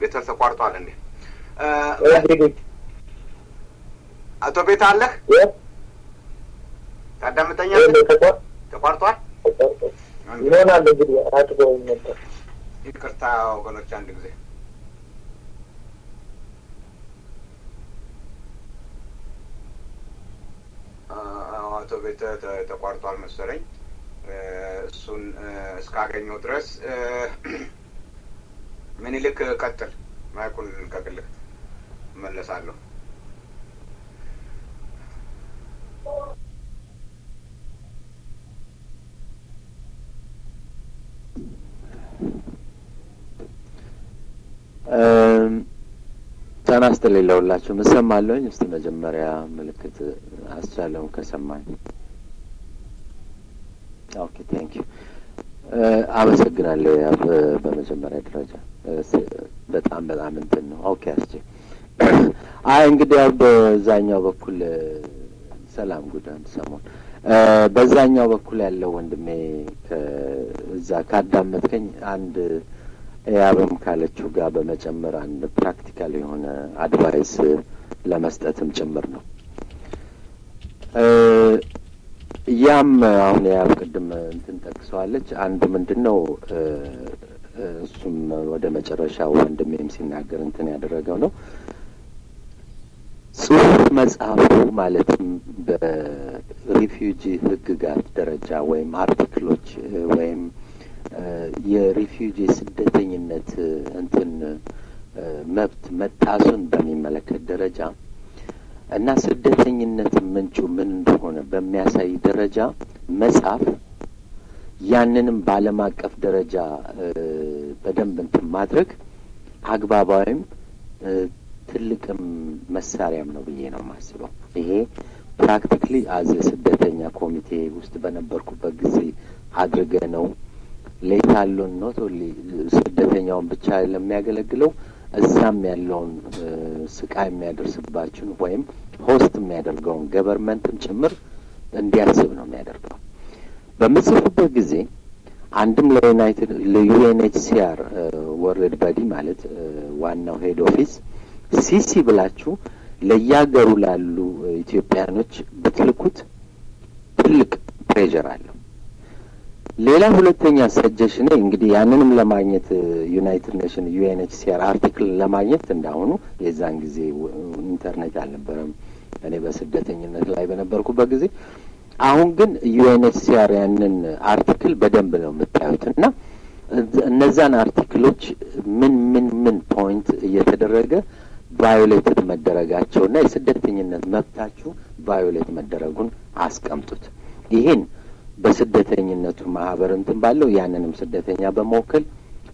ቤተል ተቋርጧል እንዴ? አቶ ቤተ አለህ? ታዳምጠኛ ተቋርጧል ይሆናል እንግዲህ አድገው ነበር። ይቅርታ ወገኖች አንድ ጊዜ አቶ ቤተ ተቋርጧል መሰለኝ። እሱን እስካገኘው ድረስ ምን ይልክ ቀጥል፣ ማይኩን ቀቅልህ መለሳለሁ ተናስተ ሌለውላችሁ ምሰማለሁኝ እስቲ መጀመሪያ ምልክት አስቻለውን ከሰማኝ ኦኬ ቴንክ ዩ አመሰግናለሁ። ያ በመጀመሪያ ደረጃ በጣም በጣም እንትን ነው። ኦኬ አስቼ አይ እንግዲህ ያው በዛኛው በኩል ሰላም ጉዳን ሰሞን በዛኛው በኩል ያለው ወንድሜ እዛ ካዳመጥከኝ አንድ ያብም ካለችው ጋር በመጨመር አንድ ፕራክቲካል የሆነ አድቫይስ ለመስጠትም ጭምር ነው። ያም አሁን ያው ቅድም እንትን ጠቅሰዋለች። አንዱ ምንድን ነው እሱም ወደ መጨረሻው ወንድሜም ሲናገር እንትን ያደረገው ነው ጽሁፍ መጽሐፉ ማለትም በሪፊውጂ ህግጋት ደረጃ ወይም አርቲክሎች ወይም የሪፊውጂ ስደተኝነት እንትን መብት መጣሱን በሚመለከት ደረጃ እና ስደተኝነት ምንጩ ምን እንደሆነ በሚያሳይ ደረጃ መጻፍ ያንንም በዓለም አቀፍ ደረጃ በደንብ እንትን ማድረግ አግባባዊም ትልቅም መሳሪያም ነው ብዬ ነው የማስበው። ይሄ ፕራክቲካሊ አዘ ስደተኛ ኮሚቴ ውስጥ በነበርኩበት ጊዜ አድርገ ነው ሌታሉን ኖት ኦንሊ ስደተኛውን ብቻ ለሚያገለግለው እዛም ያለውን ስቃይ የሚያደርስባችን ወይም ሆስት የሚያደርገውን ገቨርመንትም ጭምር እንዲያስብ ነው የሚያደርገው። በምጽፉበት ጊዜ አንድም ለዩናይትድ ለዩኤንኤችሲአር ወርልድ ባዲ ማለት ዋናው ሄድ ኦፊስ ሲሲ ብላችሁ ለያገሩ ላሉ ኢትዮጵያኖች ብትልኩት ትልቅ ፕሬዠር አለው። ሌላ ሁለተኛ ሰጀሽን እንግዲህ ያንንም ለማግኘት ዩናይትድ ኔሽን ዩኤንኤችሲአር አርቲክል ለማግኘት እንዳሁኑ የዛን ጊዜ ኢንተርኔት አልነበረም። እኔ በስደተኝነት ላይ በነበርኩበት ጊዜ አሁን ግን ዩኤንኤችሲአር ያንን አርቲክል በደንብ ነው የምታዩት እና እነዛን አርቲክሎች ምን ምን ምን ፖይንት እየተደረገ ቫዮሌትድ እና የስደተኝነት መብታችሁ ቫዮሌት መደረጉን አስቀምጡት። ይህን በስደተኝነቱ ማህበር እንትን ባለው ያንንም ስደተኛ በመወከል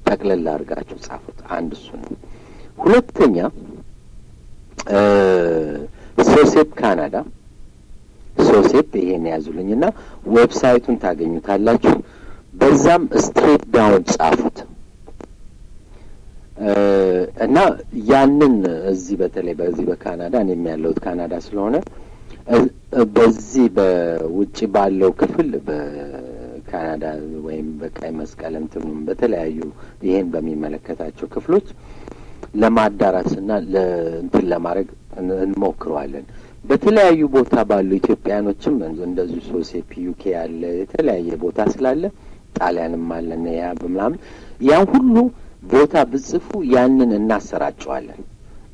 ጠቅለል አድርጋችሁ ጻፉት። አንድ እሱ ነው። ሁለተኛ ሶሴፕ ካናዳ ሶሴፕ ይሄን ና ዌብሳይቱን ታገኙታላችሁ። በዛም ስትሬት ዳውን ጻፉት እና ያንን እዚህ በተለይ በዚህ በካናዳ እኔም ያለሁት ካናዳ ስለሆነ በዚህ በውጭ ባለው ክፍል በካናዳ ወይም በቀይ መስቀል እንትኑም በተለያዩ ይሄን በሚመለከታቸው ክፍሎች ለማዳረስና ለእንትን ለማድረግ እንሞክረዋለን። በተለያዩ ቦታ ባሉ ኢትዮጵያኖችም እንደዚሁ ሶሴፒ ዩኬ ያለ የተለያየ ቦታ ስላለ ጣሊያንም አለን ያ ምናምን ያን ሁሉ ቦታ ብጽፉ ያንን እናሰራጨዋለን።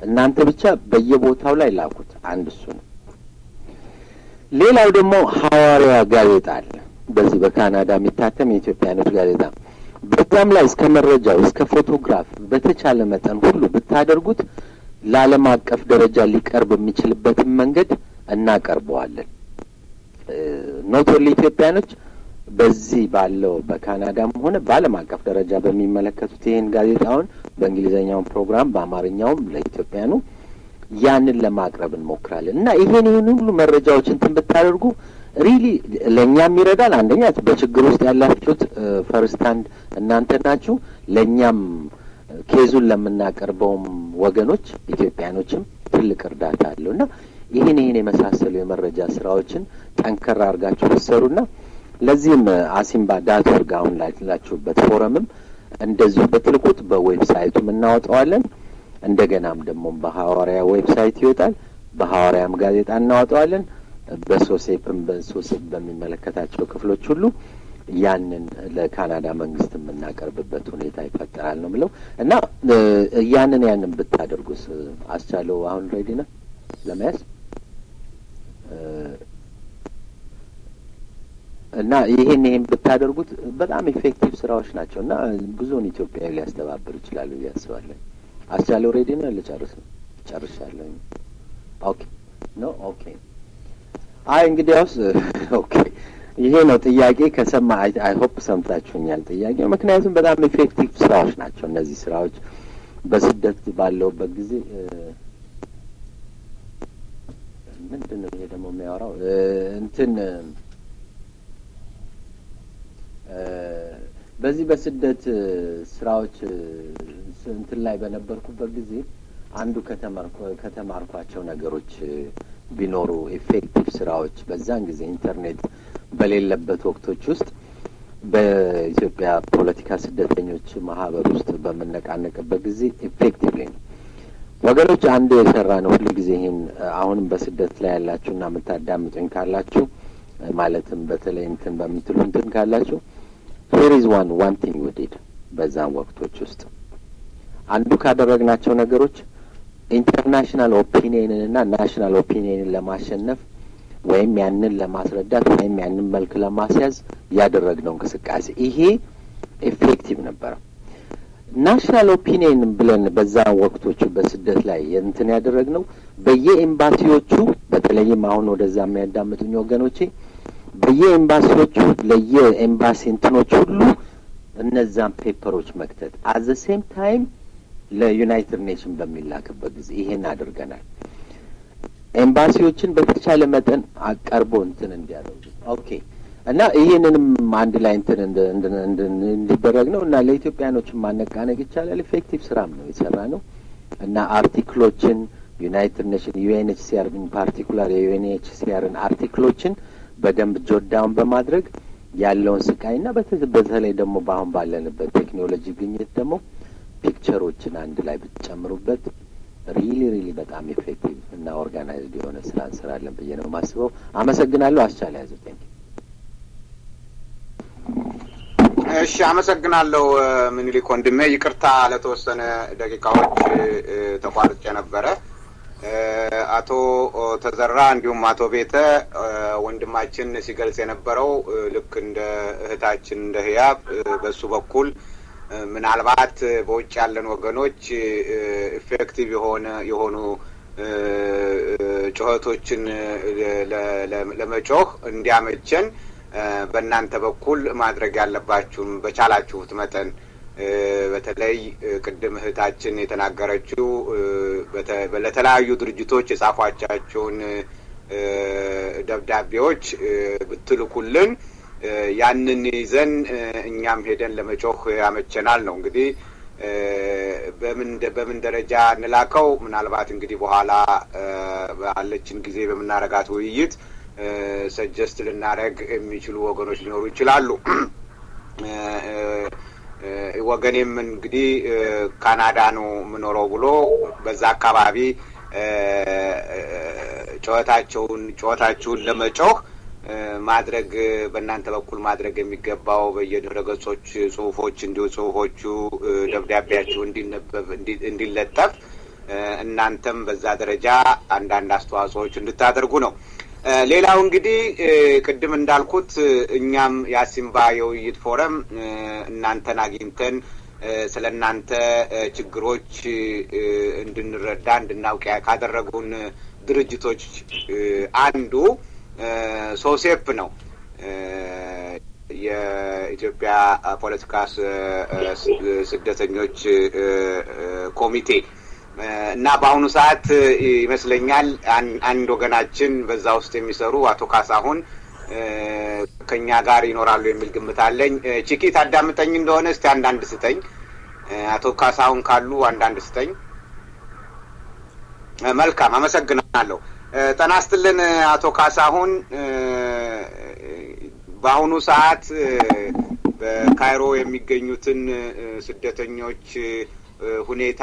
እናንተ ብቻ በየቦታው ላይ ላኩት። አንድ እሱ ነው። ሌላው ደግሞ ሐዋርያ ጋዜጣ አለ። በዚህ በካናዳ የሚታተም የኢትዮጵያ የኢትዮጵያኖች ጋዜጣ በዛም ላይ እስከ መረጃው እስከ ፎቶግራፍ በተቻለ መጠን ሁሉ ብታደርጉት ለዓለም አቀፍ ደረጃ ሊቀርብ የሚችልበትን መንገድ እናቀርበዋለን። ኖቶል ኢትዮጵያኖች በዚህ ባለው በካናዳም ሆነ በዓለም አቀፍ ደረጃ በሚመለከቱት ይህን ጋዜጣውን በእንግሊዝኛውም ፕሮግራም በአማርኛውም ለኢትዮጵያኑ ያንን ለማቅረብ እንሞክራለን እና ይሄን ይህን ሁሉ መረጃዎች እንትን ብታደርጉ ሪሊ ለእኛም ይረዳል። አንደኛ በችግር ውስጥ ያላችሁት ፈርስታንድ እናንተ ናችሁ። ለእኛም ኬዙን ለምናቀርበውም ወገኖች ኢትዮጵያኖችም ትልቅ እርዳታ አለው እና ይህን ይህን የመሳሰሉ የመረጃ ስራዎችን ጠንከር አድርጋችሁ ብትሰሩና ለዚህም አሲምባ ዳት ኦርግ አሁን ላላችሁበት ፎረምም እንደዚሁ በትልቁት በዌብሳይቱም እናወጣዋለን። እንደገናም ደግሞ በሐዋርያ ዌብሳይት ይወጣል። በሐዋርያም ጋዜጣ እናወጣዋለን። በሶሴፕም በሶሴፕ በሚመለከታቸው ክፍሎች ሁሉ ያንን ለካናዳ መንግስት የምናቀርብበት ሁኔታ ይፈጠራል ነው ብለው እና ያንን ያንን ብታደርጉስ አስቻለው አሁን ሬዲ ነ ለመያዝ እና ይሄን ይሄን ብታደርጉት በጣም ኢፌክቲቭ ስራዎች ናቸው እና ብዙውን ኢትዮጵያዊ ሊያስተባብር ይችላሉ እያስባለን። አስቻለው ሬዲ ነው ልጨርስ ነው ጨርሻለሁ። ኦኬ ኖ ኦኬ። አይ እንግዲያውስ ኦኬ ይሄ ነው ጥያቄ። ከሰማ አይ ሆፕ ሰምታችሁኛል ጥያቄው። ምክንያቱም በጣም ኢፌክቲቭ ስራዎች ናቸው እነዚህ ስራዎች በስደት ባለውበት ጊዜ ምንድን ነው ይሄ ደግሞ የሚያወራው እንትን በዚህ በስደት ስራዎች እንትን ላይ በነበርኩበት ጊዜ አንዱ ከተማርኳቸው ነገሮች ቢኖሩ ኢፌክቲቭ ስራዎች በዛን ጊዜ ኢንተርኔት በሌለበት ወቅቶች ውስጥ በኢትዮጵያ ፖለቲካ ስደተኞች ማህበር ውስጥ በምነቃነቅበት ጊዜ ኢፌክቲቭሊ ነው ወገኖች፣ አንዱ የሰራ ነው። ሁሉ ጊዜ ይህን አሁንም በስደት ላይ ና የምታዳምጡኝ ካላችሁ ማለትም በተለይ እንትን በምትሉ እንትን ካላችሁ ሄር ኢዝ ዋን ዋን ቲንግ ዊ ዲድ በዛም ወቅቶች ውስጥ አንዱ ካደረግናቸው ነገሮች ኢንተርናሽናል ኦፒኒየንን እና ናሽናል ኦፒኒየንን ለማሸነፍ ወይም ያንን ለማስረዳት ወይም ያንን መልክ ለማስያዝ ያደረግነው እንቅስቃሴ ይሄ ኤፌክቲቭ ነበረ። ናሽናል ኦፒኒየን ብለን በዛ ወቅቶቹ በስደት ላይ ያደረግ ያደረግነው በየኤምባሲዎቹ በተለይም አሁን ወደዛ የሚያዳምጡኝ ወገኖቼ በየኤምባሲዎቹ ለየኤምባሲ እንትኖች ሁሉ እነዛን ፔፐሮች መክተት አዘ ሴም ታይም ለዩናይትድ ኔሽን በሚላክበት ጊዜ ይሄን አድርገናል። ኤምባሲዎችን በተቻለ መጠን አቀርቦ እንትን እንዲያደርጉ ኦኬ። እና ይህንንም አንድ ላይ እንትን እንዲደረግ ነው እና ለኢትዮጵያኖችን ማነቃነቅ ይቻላል። ኢፌክቲቭ ስራም ነው የሰራ ነው እና አርቲክሎችን ዩናይትድ ኔሽን ዩኤንኤችሲአር ፓርቲኩላር የዩኤንኤችሲአርን አርቲክሎችን በደንብ ጆዳውን በማድረግ ያለውን ስቃይ እና በተለይ ደግሞ በአሁን ባለንበት ቴክኖሎጂ ግኝት ደግሞ ፒክቸሮችን አንድ ላይ ብትጨምሩበት ሪሊ ሪሊ በጣም ኢፌክቲቭ እና ኦርጋናይዝድ የሆነ ስራ እንሰራለን ብዬ ነው የማስበው። አመሰግናለሁ። አስቻለ ያዘ። እሺ፣ አመሰግናለሁ ምኒልክ ወንድሜ። ይቅርታ ለተወሰነ ደቂቃዎች ተቋርጬ ነበረ። አቶ ተዘራ እንዲሁም አቶ ቤተ ወንድማችን ሲገልጽ የነበረው ልክ እንደ እህታችን እንደ ህያብ በሱ በኩል ምናልባት በውጭ ያለን ወገኖች ኢፌክቲቭ የሆነ የሆኑ ጩኸቶችን ለመጮህ እንዲያመቸን በእናንተ በኩል ማድረግ ያለባችሁም በቻላችሁት መጠን በተለይ ቅድም እህታችን የተናገረችው ለተለያዩ ድርጅቶች የጻፏቻቸውን ደብዳቤዎች ብትልኩልን ያንን ይዘን እኛም ሄደን ለመጮህ ያመቸናል ነው እንግዲህ በምን ደረጃ እንላከው? ምናልባት እንግዲህ በኋላ ባለችን ጊዜ በምናረጋት ውይይት ሰጀስት ልናደረግ የሚችሉ ወገኖች ሊኖሩ ይችላሉ። ወገኔም እንግዲህ ካናዳ ነው የምኖረው ብሎ በዛ አካባቢ ጨዋታቸውን ጨዋታችሁን ለመጮህ ማድረግ በእናንተ በኩል ማድረግ የሚገባው በየድረ ገጾች ጽሁፎች፣ እንዲሁ ጽሁፎቹ ደብዳቤያችሁ እንዲነበብ እንዲለጠፍ እናንተም በዛ ደረጃ አንዳንድ አስተዋጽኦዎች እንድታደርጉ ነው። ሌላው እንግዲህ ቅድም እንዳልኩት እኛም የአሲምባ የውይይት ፎረም እናንተን አግኝተን ስለ እናንተ ችግሮች እንድንረዳ እንድናውቅ ካደረጉን ድርጅቶች አንዱ ሶሴፕ ነው የኢትዮጵያ ፖለቲካ ስደተኞች ኮሚቴ እና በአሁኑ ሰዓት ይመስለኛል አንድ ወገናችን በዛ ውስጥ የሚሰሩ አቶ ካሳሁን ከኛ ጋር ይኖራሉ የሚል ግምት አለኝ። ቺኪት አዳምጠኝ እንደሆነ እስቲ አንዳንድ ስጠኝ። አቶ ካሳሁን ካሉ አንዳንድ ስጠኝ። መልካም አመሰግናለሁ። ጠናስትልን አቶ ካሳሁን። በአሁኑ ሰዓት በካይሮ የሚገኙትን ስደተኞች ሁኔታ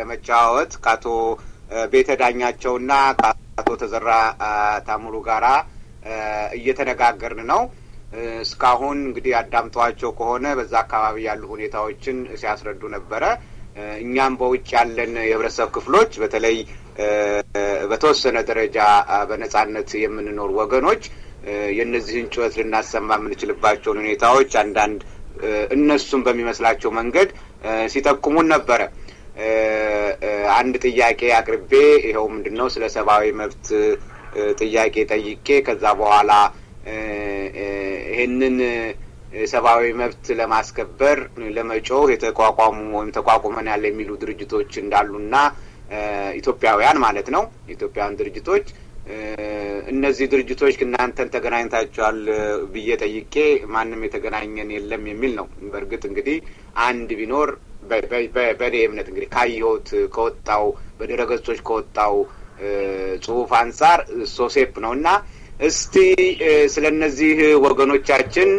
ለመጫወት ከአቶ ቤተ ዳኛቸውና ከአቶ ተዘራ ታሙሩ ጋራ እየተነጋገርን ነው። እስካሁን እንግዲህ አዳምጠዋቸው ከሆነ በዛ አካባቢ ያሉ ሁኔታዎችን ሲያስረዱ ነበረ። እኛም በውጭ ያለን የህብረተሰብ ክፍሎች በተለይ በተወሰነ ደረጃ በነጻነት የምንኖር ወገኖች የእነዚህን ጩኸት ልናሰማ የምንችልባቸውን ሁኔታዎች አንዳንድ እነሱም በሚመስላቸው መንገድ ሲጠቁሙን ነበረ። አንድ ጥያቄ አቅርቤ ይኸው ምንድን ነው ስለ ሰብአዊ መብት ጥያቄ ጠይቄ ከዛ በኋላ ይህንን ሰብአዊ መብት ለማስከበር ለመጮህ የተቋቋሙ ወይም ተቋቁመን ያለ የሚሉ ድርጅቶች እንዳሉና ኢትዮጵያውያን ማለት ነው የኢትዮጵያውያን ድርጅቶች እነዚህ ድርጅቶች እናንተን ተገናኝታችኋል ብዬ ጠይቄ ማንም የተገናኘን የለም የሚል ነው። በእርግጥ እንግዲህ አንድ ቢኖር በእኔ እምነት እንግዲህ ካየሁት ከወጣው በድረገጾች ከወጣው ጽሁፍ አንጻር ሶሴፕ ነው እና እስቲ ስለ እነዚህ ወገኖቻችን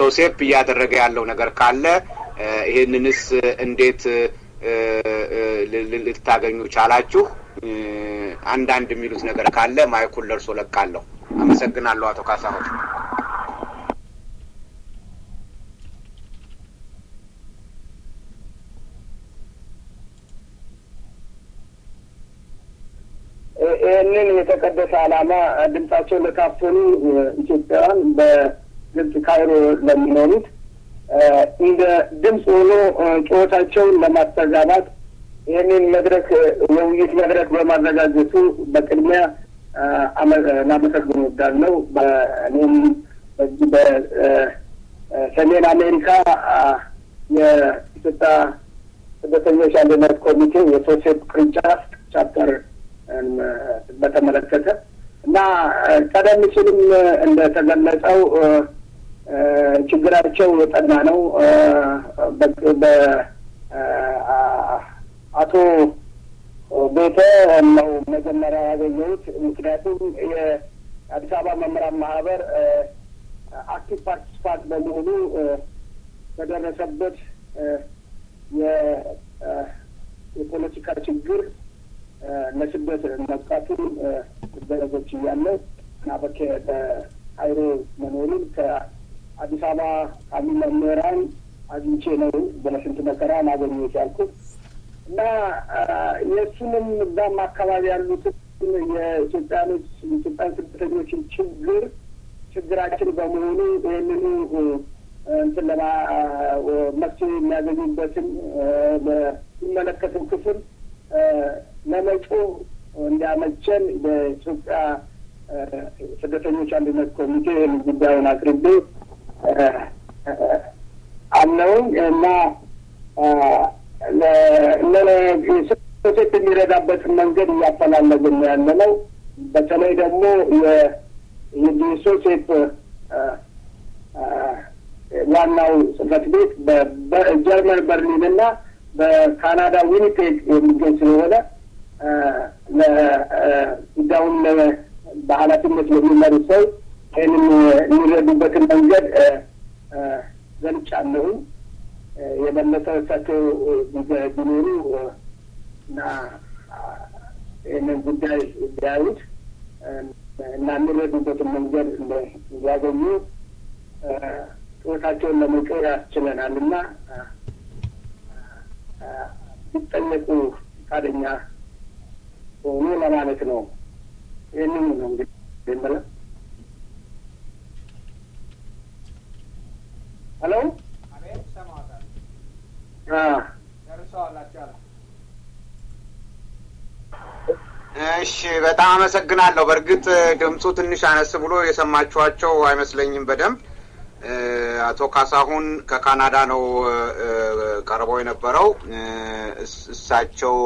ሶሴፕ እያደረገ ያለው ነገር ካለ ይህንንስ እንዴት ልታገኙ ቻላችሁ? አንዳንድ የሚሉት ነገር ካለ ማይኩን ለርሶ ለቃለሁ። አመሰግናለሁ አቶ ካሳሁን። ይህንን የተቀደሰ ዓላማ ድምጻቸው ለካፈሉ ኢትዮጵያውያን በግብጽ ካይሮ ለሚኖሩት እንደ ድምፅ ሆኖ ጩኸታቸውን ለማስተጋባት ይህንን መድረክ የውይይት መድረክ በማዘጋጀቱ በቅድሚያ ላመሰግን ነው። በእኔም በዚህ በሰሜን አሜሪካ የኢትዮጵያ ስደተኞች አንድነት ኮሚቴ የሶሴት ቅርንጫፍ ቻፕተር በተመለከተ እና ቀደም ሲልም እንደተገለጸው ችግራቸው ጠና ነው። በአቶ ቤተ ነው መጀመሪያ ያገኘሁት። ምክንያቱም የአዲስ አበባ መምህራን ማህበር አክቲቭ ፓርቲስፓንት በመሆኑ በደረሰበት የፖለቲካ ችግር ለስደት መብቃቱን ደረጎች እያለ እና በሀይሮ መኖሩን አዲስ አበባ ካሉ መምህራን አግኝቼ ነው በለስንት መከራ ላገኘሁት ያልኩት እና የእሱንም እዛም አካባቢ ያሉትን የኢትዮጵያኖች የኢትዮጵያን ስደተኞችን ችግር ችግራችን በመሆኑ ይህንኑ እንትን ለማ መፍትሄ የሚያገኙበትን የሚመለከተው ክፍል ለመጮ እንዲያመቸን በኢትዮጵያ ስደተኞች አንድነት ኮሚቴ ጉዳዩን አቅርቤ አለውኝ እና ሴት የሚረዳበትን መንገድ እያፈላለግን ያለ ነው። በተለይ ደግሞ የዲሶ ሴት ዋናው ጽህፈት ቤት በጀርመን በርሊን እና በካናዳ ዊኒፔግ የሚገኝ ስለሆነ ጉዳዩን በኃላፊነት ለሚመሩ ሰው ይህንን የሚረዱበትን መንገድ ገልጫለሁ። የበለጠ እሳቸው ቢኖሩ እና ይህንን ጉዳይ ቢያዩት እና የሚረዱበትን መንገድ እንዲያገኙ ጦታቸውን ለመጮር ያስችለናል እና ሊጠየቁ ፈቃደኛ ሆኑ ለማለት ነው። ይህንን ነው እንግዲህ ሄሎ እሺ፣ በጣም አመሰግናለሁ። በእርግጥ ድምፁ ትንሽ አነስ ብሎ የሰማችኋቸው አይመስለኝም በደንብ አቶ ካሳሁን ከካናዳ ነው ቀርበው የነበረው። እሳቸው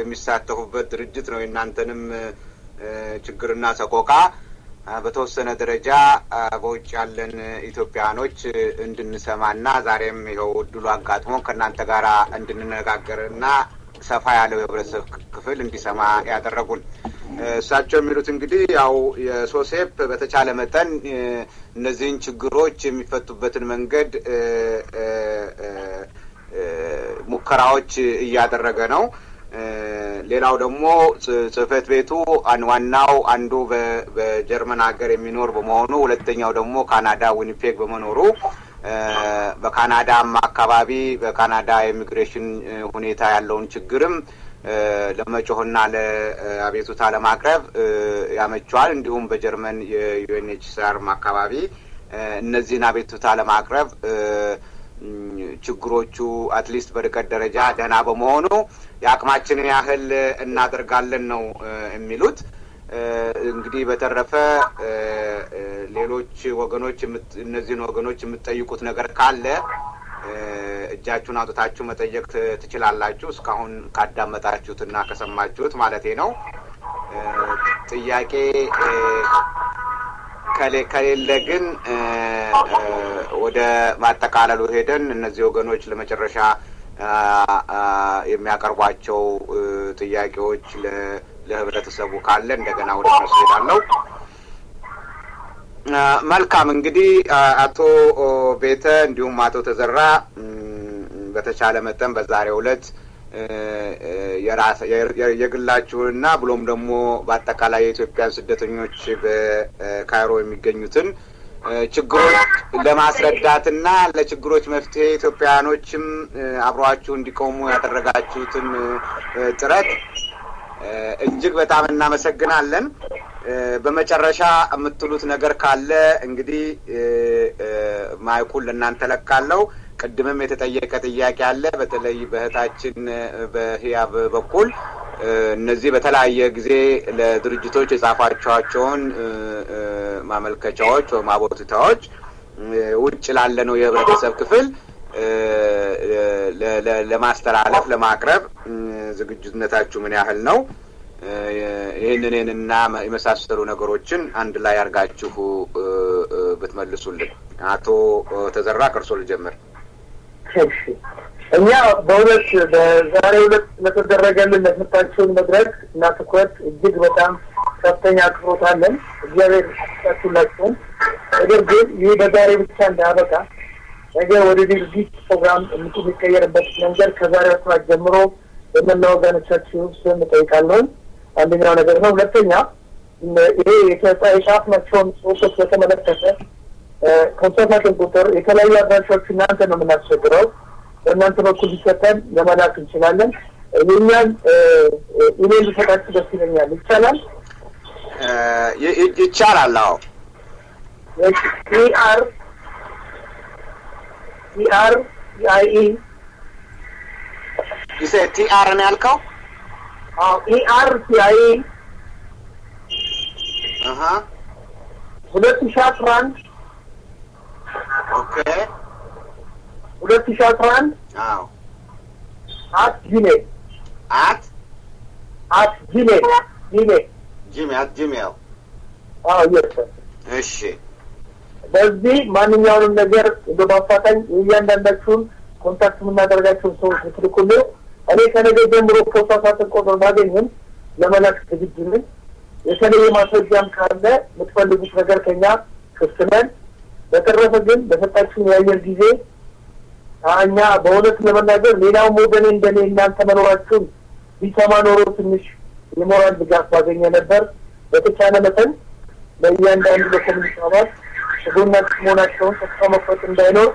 የሚሳተፉበት ድርጅት ነው የእናንተንም ችግርና ሰቆቃ በተወሰነ ደረጃ በውጭ ያለን ኢትዮጵያኖች እንድንሰማና ዛሬም ይኸው እድሉ አጋጥሞ ከእናንተ ጋር እንድንነጋገርና ሰፋ ያለው የህብረተሰብ ክፍል እንዲሰማ ያደረጉን እሳቸው የሚሉት እንግዲህ ያው የሶሴፕ በተቻለ መጠን እነዚህን ችግሮች የሚፈቱበትን መንገድ ሙከራዎች እያደረገ ነው። ሌላው ደግሞ ጽህፈት ቤቱ ዋናው አንዱ በጀርመን ሀገር የሚኖር በመሆኑ ሁለተኛው ደግሞ ካናዳ ዊኒፔግ በመኖሩ በካናዳም አካባቢ በካናዳ የኢሚግሬሽን ሁኔታ ያለውን ችግርም ለመጮህና ለአቤቱታ ለማቅረብ ያመቸዋል። እንዲሁም በጀርመን የዩኤንኤችሲአርም አካባቢ እነዚህን አቤቱታ ለማቅረብ ችግሮቹ አትሊስት በርቀት ደረጃ ደህና በመሆኑ የአቅማችንን ያህል እናደርጋለን ነው የሚሉት። እንግዲህ በተረፈ ሌሎች ወገኖች እነዚህን ወገኖች የምትጠይቁት ነገር ካለ እጃችሁን አውጥታችሁ መጠየቅ ትችላላችሁ። እስካሁን ካዳመጣችሁት እና ከሰማችሁት ማለቴ ነው። ጥያቄ ከሌለ ግን ወደ ማጠቃለሉ ሄደን እነዚህ ወገኖች ለመጨረሻ የሚያቀርቧቸው ጥያቄዎች ለህብረተሰቡ ካለ እንደገና ወደ እነሱ መልካም እንግዲህ አቶ ቤተ እንዲሁም አቶ ተዘራ በተቻለ መጠን በዛሬው ዕለት የግላችሁንና ብሎም ደግሞ በአጠቃላይ የኢትዮጵያን ስደተኞች በካይሮ የሚገኙትን ችግሮች ለማስረዳትና ለችግሮች መፍትሄ ኢትዮጵያውያኖችም አብሯችሁ እንዲቆሙ ያደረጋችሁትን ጥረት እጅግ በጣም እናመሰግናለን። በመጨረሻ የምትሉት ነገር ካለ እንግዲህ ማይኩን ለእናንተ ለካለው። ቅድምም የተጠየቀ ጥያቄ አለ። በተለይ በእህታችን በህያብ በኩል እነዚህ በተለያየ ጊዜ ለድርጅቶች የጻፏቸዋቸውን ማመልከቻዎች ወይም አቤቱታዎች ውጭ ላለ ነው የህብረተሰብ ክፍል ለማስተላለፍ ለማቅረብ ዝግጁነታችሁ ምን ያህል ነው? ይህንን የመሳሰሉ ነገሮችን አንድ ላይ አርጋችሁ ብትመልሱልን። አቶ ተዘራ ከእርሶ ልጀምር። እሺ እኛ በሁለት በዛሬ ሁለት ለተደረገልን ለትምህርታችሁን መድረክ እና ትኩረት እጅግ በጣም ከፍተኛ አክብሮት አለን። እግዚአብሔር ይስጣችሁላችሁም። ነገር ግን ይህ በዛሬ ብቻ እንዳያበቃ ነገ ወደ ድርጊት ፕሮግራም የሚቀየርበት መንገድ ከዛሬ አስራት ጀምሮ በመላ ወገኖቻችሁ ስም እጠይቃለሁ። አንደኛው ነገር ነው። ሁለተኛ ይሄ የተጻይ መቸውን ጽሁፎች በተመለከተ ከጨፈትን ቁጥር የተለያዩ አድራሻዎች እናንተ ነው የምናስቸግረው። በእናንተ በኩል ሊሰጠን ለመላክ እንችላለን። የኛን ኢሜል ሊሰጣችሁ ደስ ይለኛል። ይቻላል ይቻላል። አዎ ኢአር ኢአር ኢአይኢ ይሰ ቲአር ነው ያልከው? አዎ ኢአር ቲአይኢ ሁለት ሺ አስራ አንድ Okay. ሁለት ሺህ አስራ አንድ አት ጂሜል አት አት ጂሜል ጂሜል ጂሜል አት ጂሜል አዎ የስ እሺ በዚህ ማንኛውንም ነገር በማፋጣኝ እያንዳንዳችሁን ኮንታክት የምናደርጋቸውን ሰዎች ትልኩል። እኔ ከነገ ጀምሮ ፕሮሰሳትን ቆጥር ባገኝም ለመላክ ዝግጅ ነኝ። የተለየ ማስረጃም ካለ የምትፈልጉት ነገር ከኛ ክፍት ነን። በተረፈ ግን በሰጣችሁን የአየር ጊዜ እኛ በእውነት ለመናገር ሌላውም ወገኔ እንደኔ እናንተ መኖራችሁን ቢሰማ ኖሮ ትንሽ የሞራል ድጋፍ ባገኘ ነበር። በተቻለ መጠን ለእያንዳንዱ በኮሚኒቲ አባላት ሽጉና መሆናቸውን ተስፋ መፍረት እንዳይኖር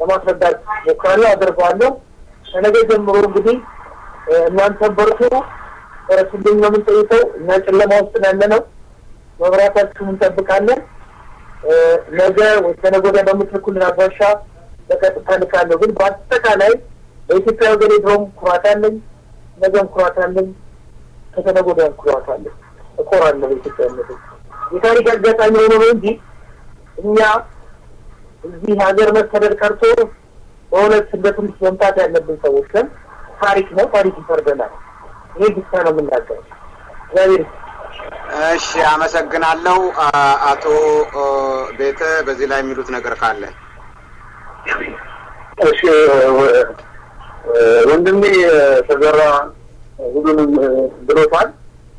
ለማስረዳት ሞካሪ አደርገዋለሁ። ከነገ ጀምሮ እንግዲህ እናንተ በርቱ፣ ረስልኝ ነው የምንጠይቀው። እኛ ጨለማ ውስጥ ያለ ነው፣ መብራታችሁን እንጠብቃለን። ነገ ወይ ከነገ ወዲያ በምትልኩልን አድራሻ በቀጥታ ልካለሁ። ግን በአጠቃላይ በኢትዮጵያ ወገን የድሮም ኩራት አለኝ፣ ነገም ኩራት አለኝ፣ ከተነገ ወዲያም ኩራት አለኝ። እኮራለሁ በኢትዮጵያነት የታሪክ አጋጣሚ ሆኖ ነው እንጂ እኛ እዚህ ሀገር መሰደድ ቀርቶ በሁለት ስደት ውስጥ መምጣት ያለብን ሰዎች ነን። ታሪክ ነው፣ ታሪክ ይፈርደናል። ይህ ብቻ ነው የምናገረው። እግዚአብሔር እሺ አመሰግናለሁ። አቶ ቤተ በዚህ ላይ የሚሉት ነገር ካለ። እሺ ወንድሜ ተዘራ ሁሉንም ብሎታል።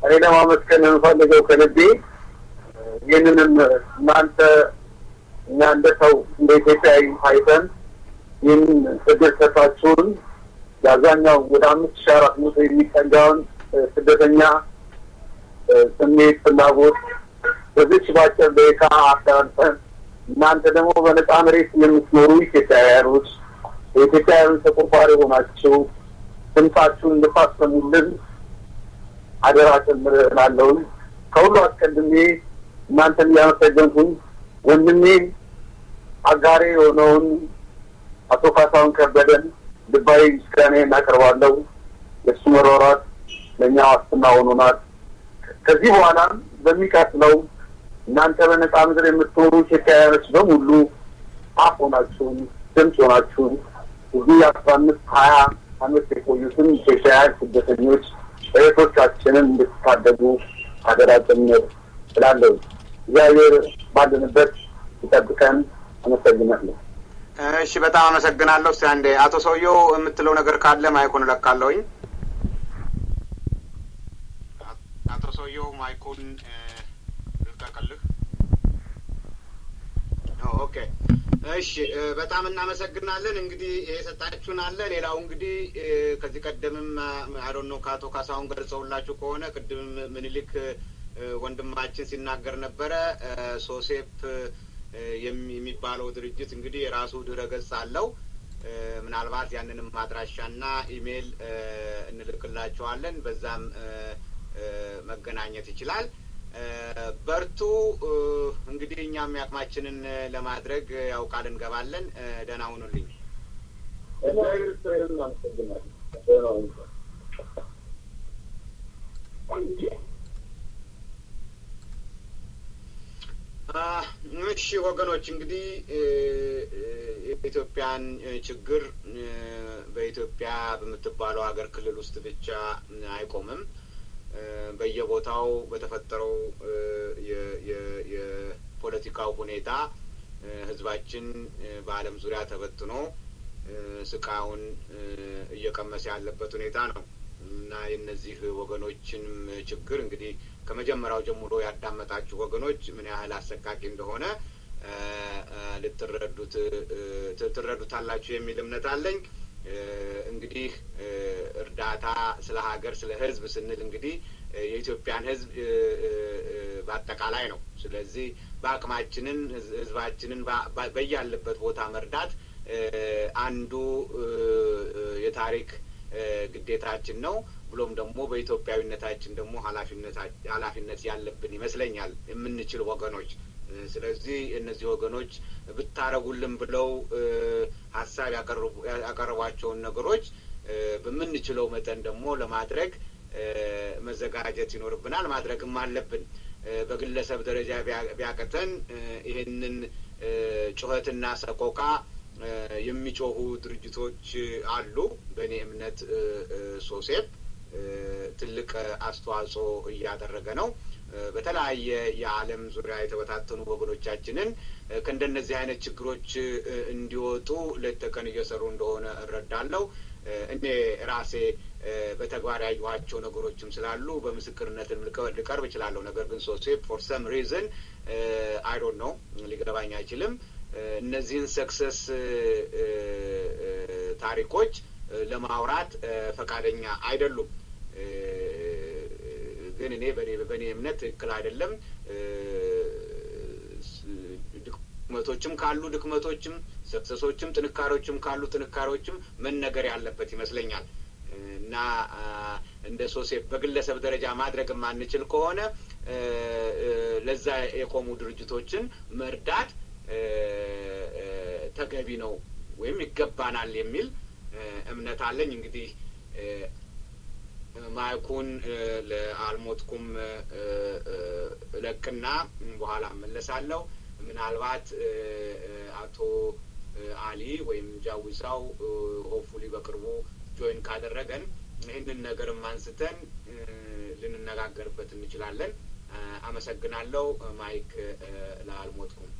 እኔ ለማመስገን የምፈልገው ከልቤ ይህንንም እናንተ እና እንደ ሰው እንደ ኢትዮጵያዊ አይተን ይህን ስደት ሰጥታችሁን የአብዛኛው ወደ አምስት ሺህ አራት መቶ የሚጠጋውን ስደተኛ ስሜት፣ ፍላጎት በዚች ባጭር ደቂቃ አካንተን እናንተ ደግሞ በነጻ መሬት የምትኖሩ ኢትዮጵያውያኖች የኢትዮጵያውያኑ ተቆርቋሪ ሆናችሁ ድምጻችሁን እንድታሰሙልን አደራ ጭምር ከሁሉ አስቀድሜ እናንተን እያመሰገንኩኝ ወንድሜ አጋሬ የሆነውን አቶ ካሳሁን ከበደን ልባዊ ምስጋና እናቀርባለሁ። የእሱ መሯሯት ለእኛ ዋስትና ሆኖናል። ከዚህ በኋላም በሚቀጥለው እናንተ በነጻ ምድር የምትኖሩ ኢትዮጵያውያኖች በሙሉ አፍ ሆናችሁን ድምፅ ሆናችሁን እዚህ የአስራ አምስት ሀያ አመት የቆዩትን ኢትዮጵያውያን ስደተኞች እህቶቻችንን እንድትታደጉ ሀገራ ጭምር ስላለው እግዚአብሔር ባለንበት ይጠብቀን። አመሰግናለሁ። እሺ፣ በጣም አመሰግናለሁ። እስቲ አንዴ አቶ ሰውየው የምትለው ነገር ካለ ማይኮን እለካለሁኝ። አቶ ሰውየው ማይኩን ልቀቅልህ። ኦኬ እሺ፣ በጣም እናመሰግናለን። እንግዲህ የሰጣችሁን አለ። ሌላው እንግዲህ ከዚህ ቀደምም አዶኖ ከአቶ ካሳሁን ገልጸውላችሁ ከሆነ ቅድምም ምኒልክ ወንድማችን ሲናገር ነበረ። ሶሴፕ የሚባለው ድርጅት እንግዲህ የራሱ ድረ ገጽ አለው። ምናልባት ያንንም አድራሻና ኢሜይል እንልክላችኋለን በዛም መገናኘት ይችላል። በርቱ። እንግዲህ እኛም ያቅማችንን ለማድረግ ያው ቃል እንገባለን። ደህና ሁኑልኝ። እሺ ወገኖች እንግዲህ የኢትዮጵያን ችግር በኢትዮጵያ በምትባለው ሀገር ክልል ውስጥ ብቻ አይቆምም። በየቦታው በተፈጠረው የፖለቲካው ሁኔታ ህዝባችን በዓለም ዙሪያ ተበትኖ ስቃውን እየቀመሰ ያለበት ሁኔታ ነው እና የእነዚህ ወገኖችንም ችግር እንግዲህ ከመጀመሪያው ጀምሮ ያዳመጣችሁ ወገኖች ምን ያህል አሰቃቂ እንደሆነ ልትረዱት ትረዱታላችሁ የሚል እምነት አለኝ። እንግዲህ እርዳታ ስለ ሀገር ስለ ህዝብ ስንል እንግዲህ የኢትዮጵያን ህዝብ በአጠቃላይ ነው። ስለዚህ በአቅማችንን ህዝባችንን በያለበት ቦታ መርዳት አንዱ የታሪክ ግዴታችን ነው። ብሎም ደግሞ በኢትዮጵያዊነታችን ደግሞ ኃላፊነት ያለብን ይመስለኛል የምንችል ወገኖች ስለዚህ እነዚህ ወገኖች ብታረጉልን ብለው ሀሳብ ያቀረቧቸውን ነገሮች በምንችለው መጠን ደግሞ ለማድረግ መዘጋጀት ይኖርብናል። ማድረግም አለብን። በግለሰብ ደረጃ ቢያቅተን ይህንን ጩኸትና ሰቆቃ የሚጮሁ ድርጅቶች አሉ። በእኔ እምነት ሶሴፕ ትልቅ አስተዋጽኦ እያደረገ ነው። በተለያየ የዓለም ዙሪያ የተበታተኑ ወገኖቻችንን ከእንደነዚህ አይነት ችግሮች እንዲወጡ ሌት ተቀን እየሰሩ እንደሆነ እረዳለሁ። እኔ ራሴ በተግባር ያየኋቸው ነገሮችም ስላሉ በምስክርነትም ልቀርብ እችላለሁ። ነገር ግን ሶሴ ፎር ሰም ሪዝን አይ ዶንት ሊገባኝ አይችልም እነዚህን ሰክሰስ ታሪኮች ለማውራት ፈቃደኛ አይደሉም። ግን እኔ በእኔ እምነት ትክክል አይደለም። ድክመቶችም ካሉ ድክመቶችም፣ ሰክሰሶችም ጥንካሬዎችም ካሉ ጥንካሬዎችም መነገር ያለበት ይመስለኛል እና እንደ ሶሴ በግለሰብ ደረጃ ማድረግ የማንችል ከሆነ ለዛ የቆሙ ድርጅቶችን መርዳት ተገቢ ነው ወይም ይገባናል የሚል እምነት አለኝ እንግዲህ ማይኩን ለአልሞትኩም እለቅና በኋላ እመለሳለሁ። ምናልባት አቶ አሊ ወይም ጃዊሳው ሆፉሊ በቅርቡ ጆይን ካደረገን ይህንን ነገርም አንስተን ልንነጋገርበት እንችላለን። አመሰግናለሁ። ማይክ ለአልሞትኩም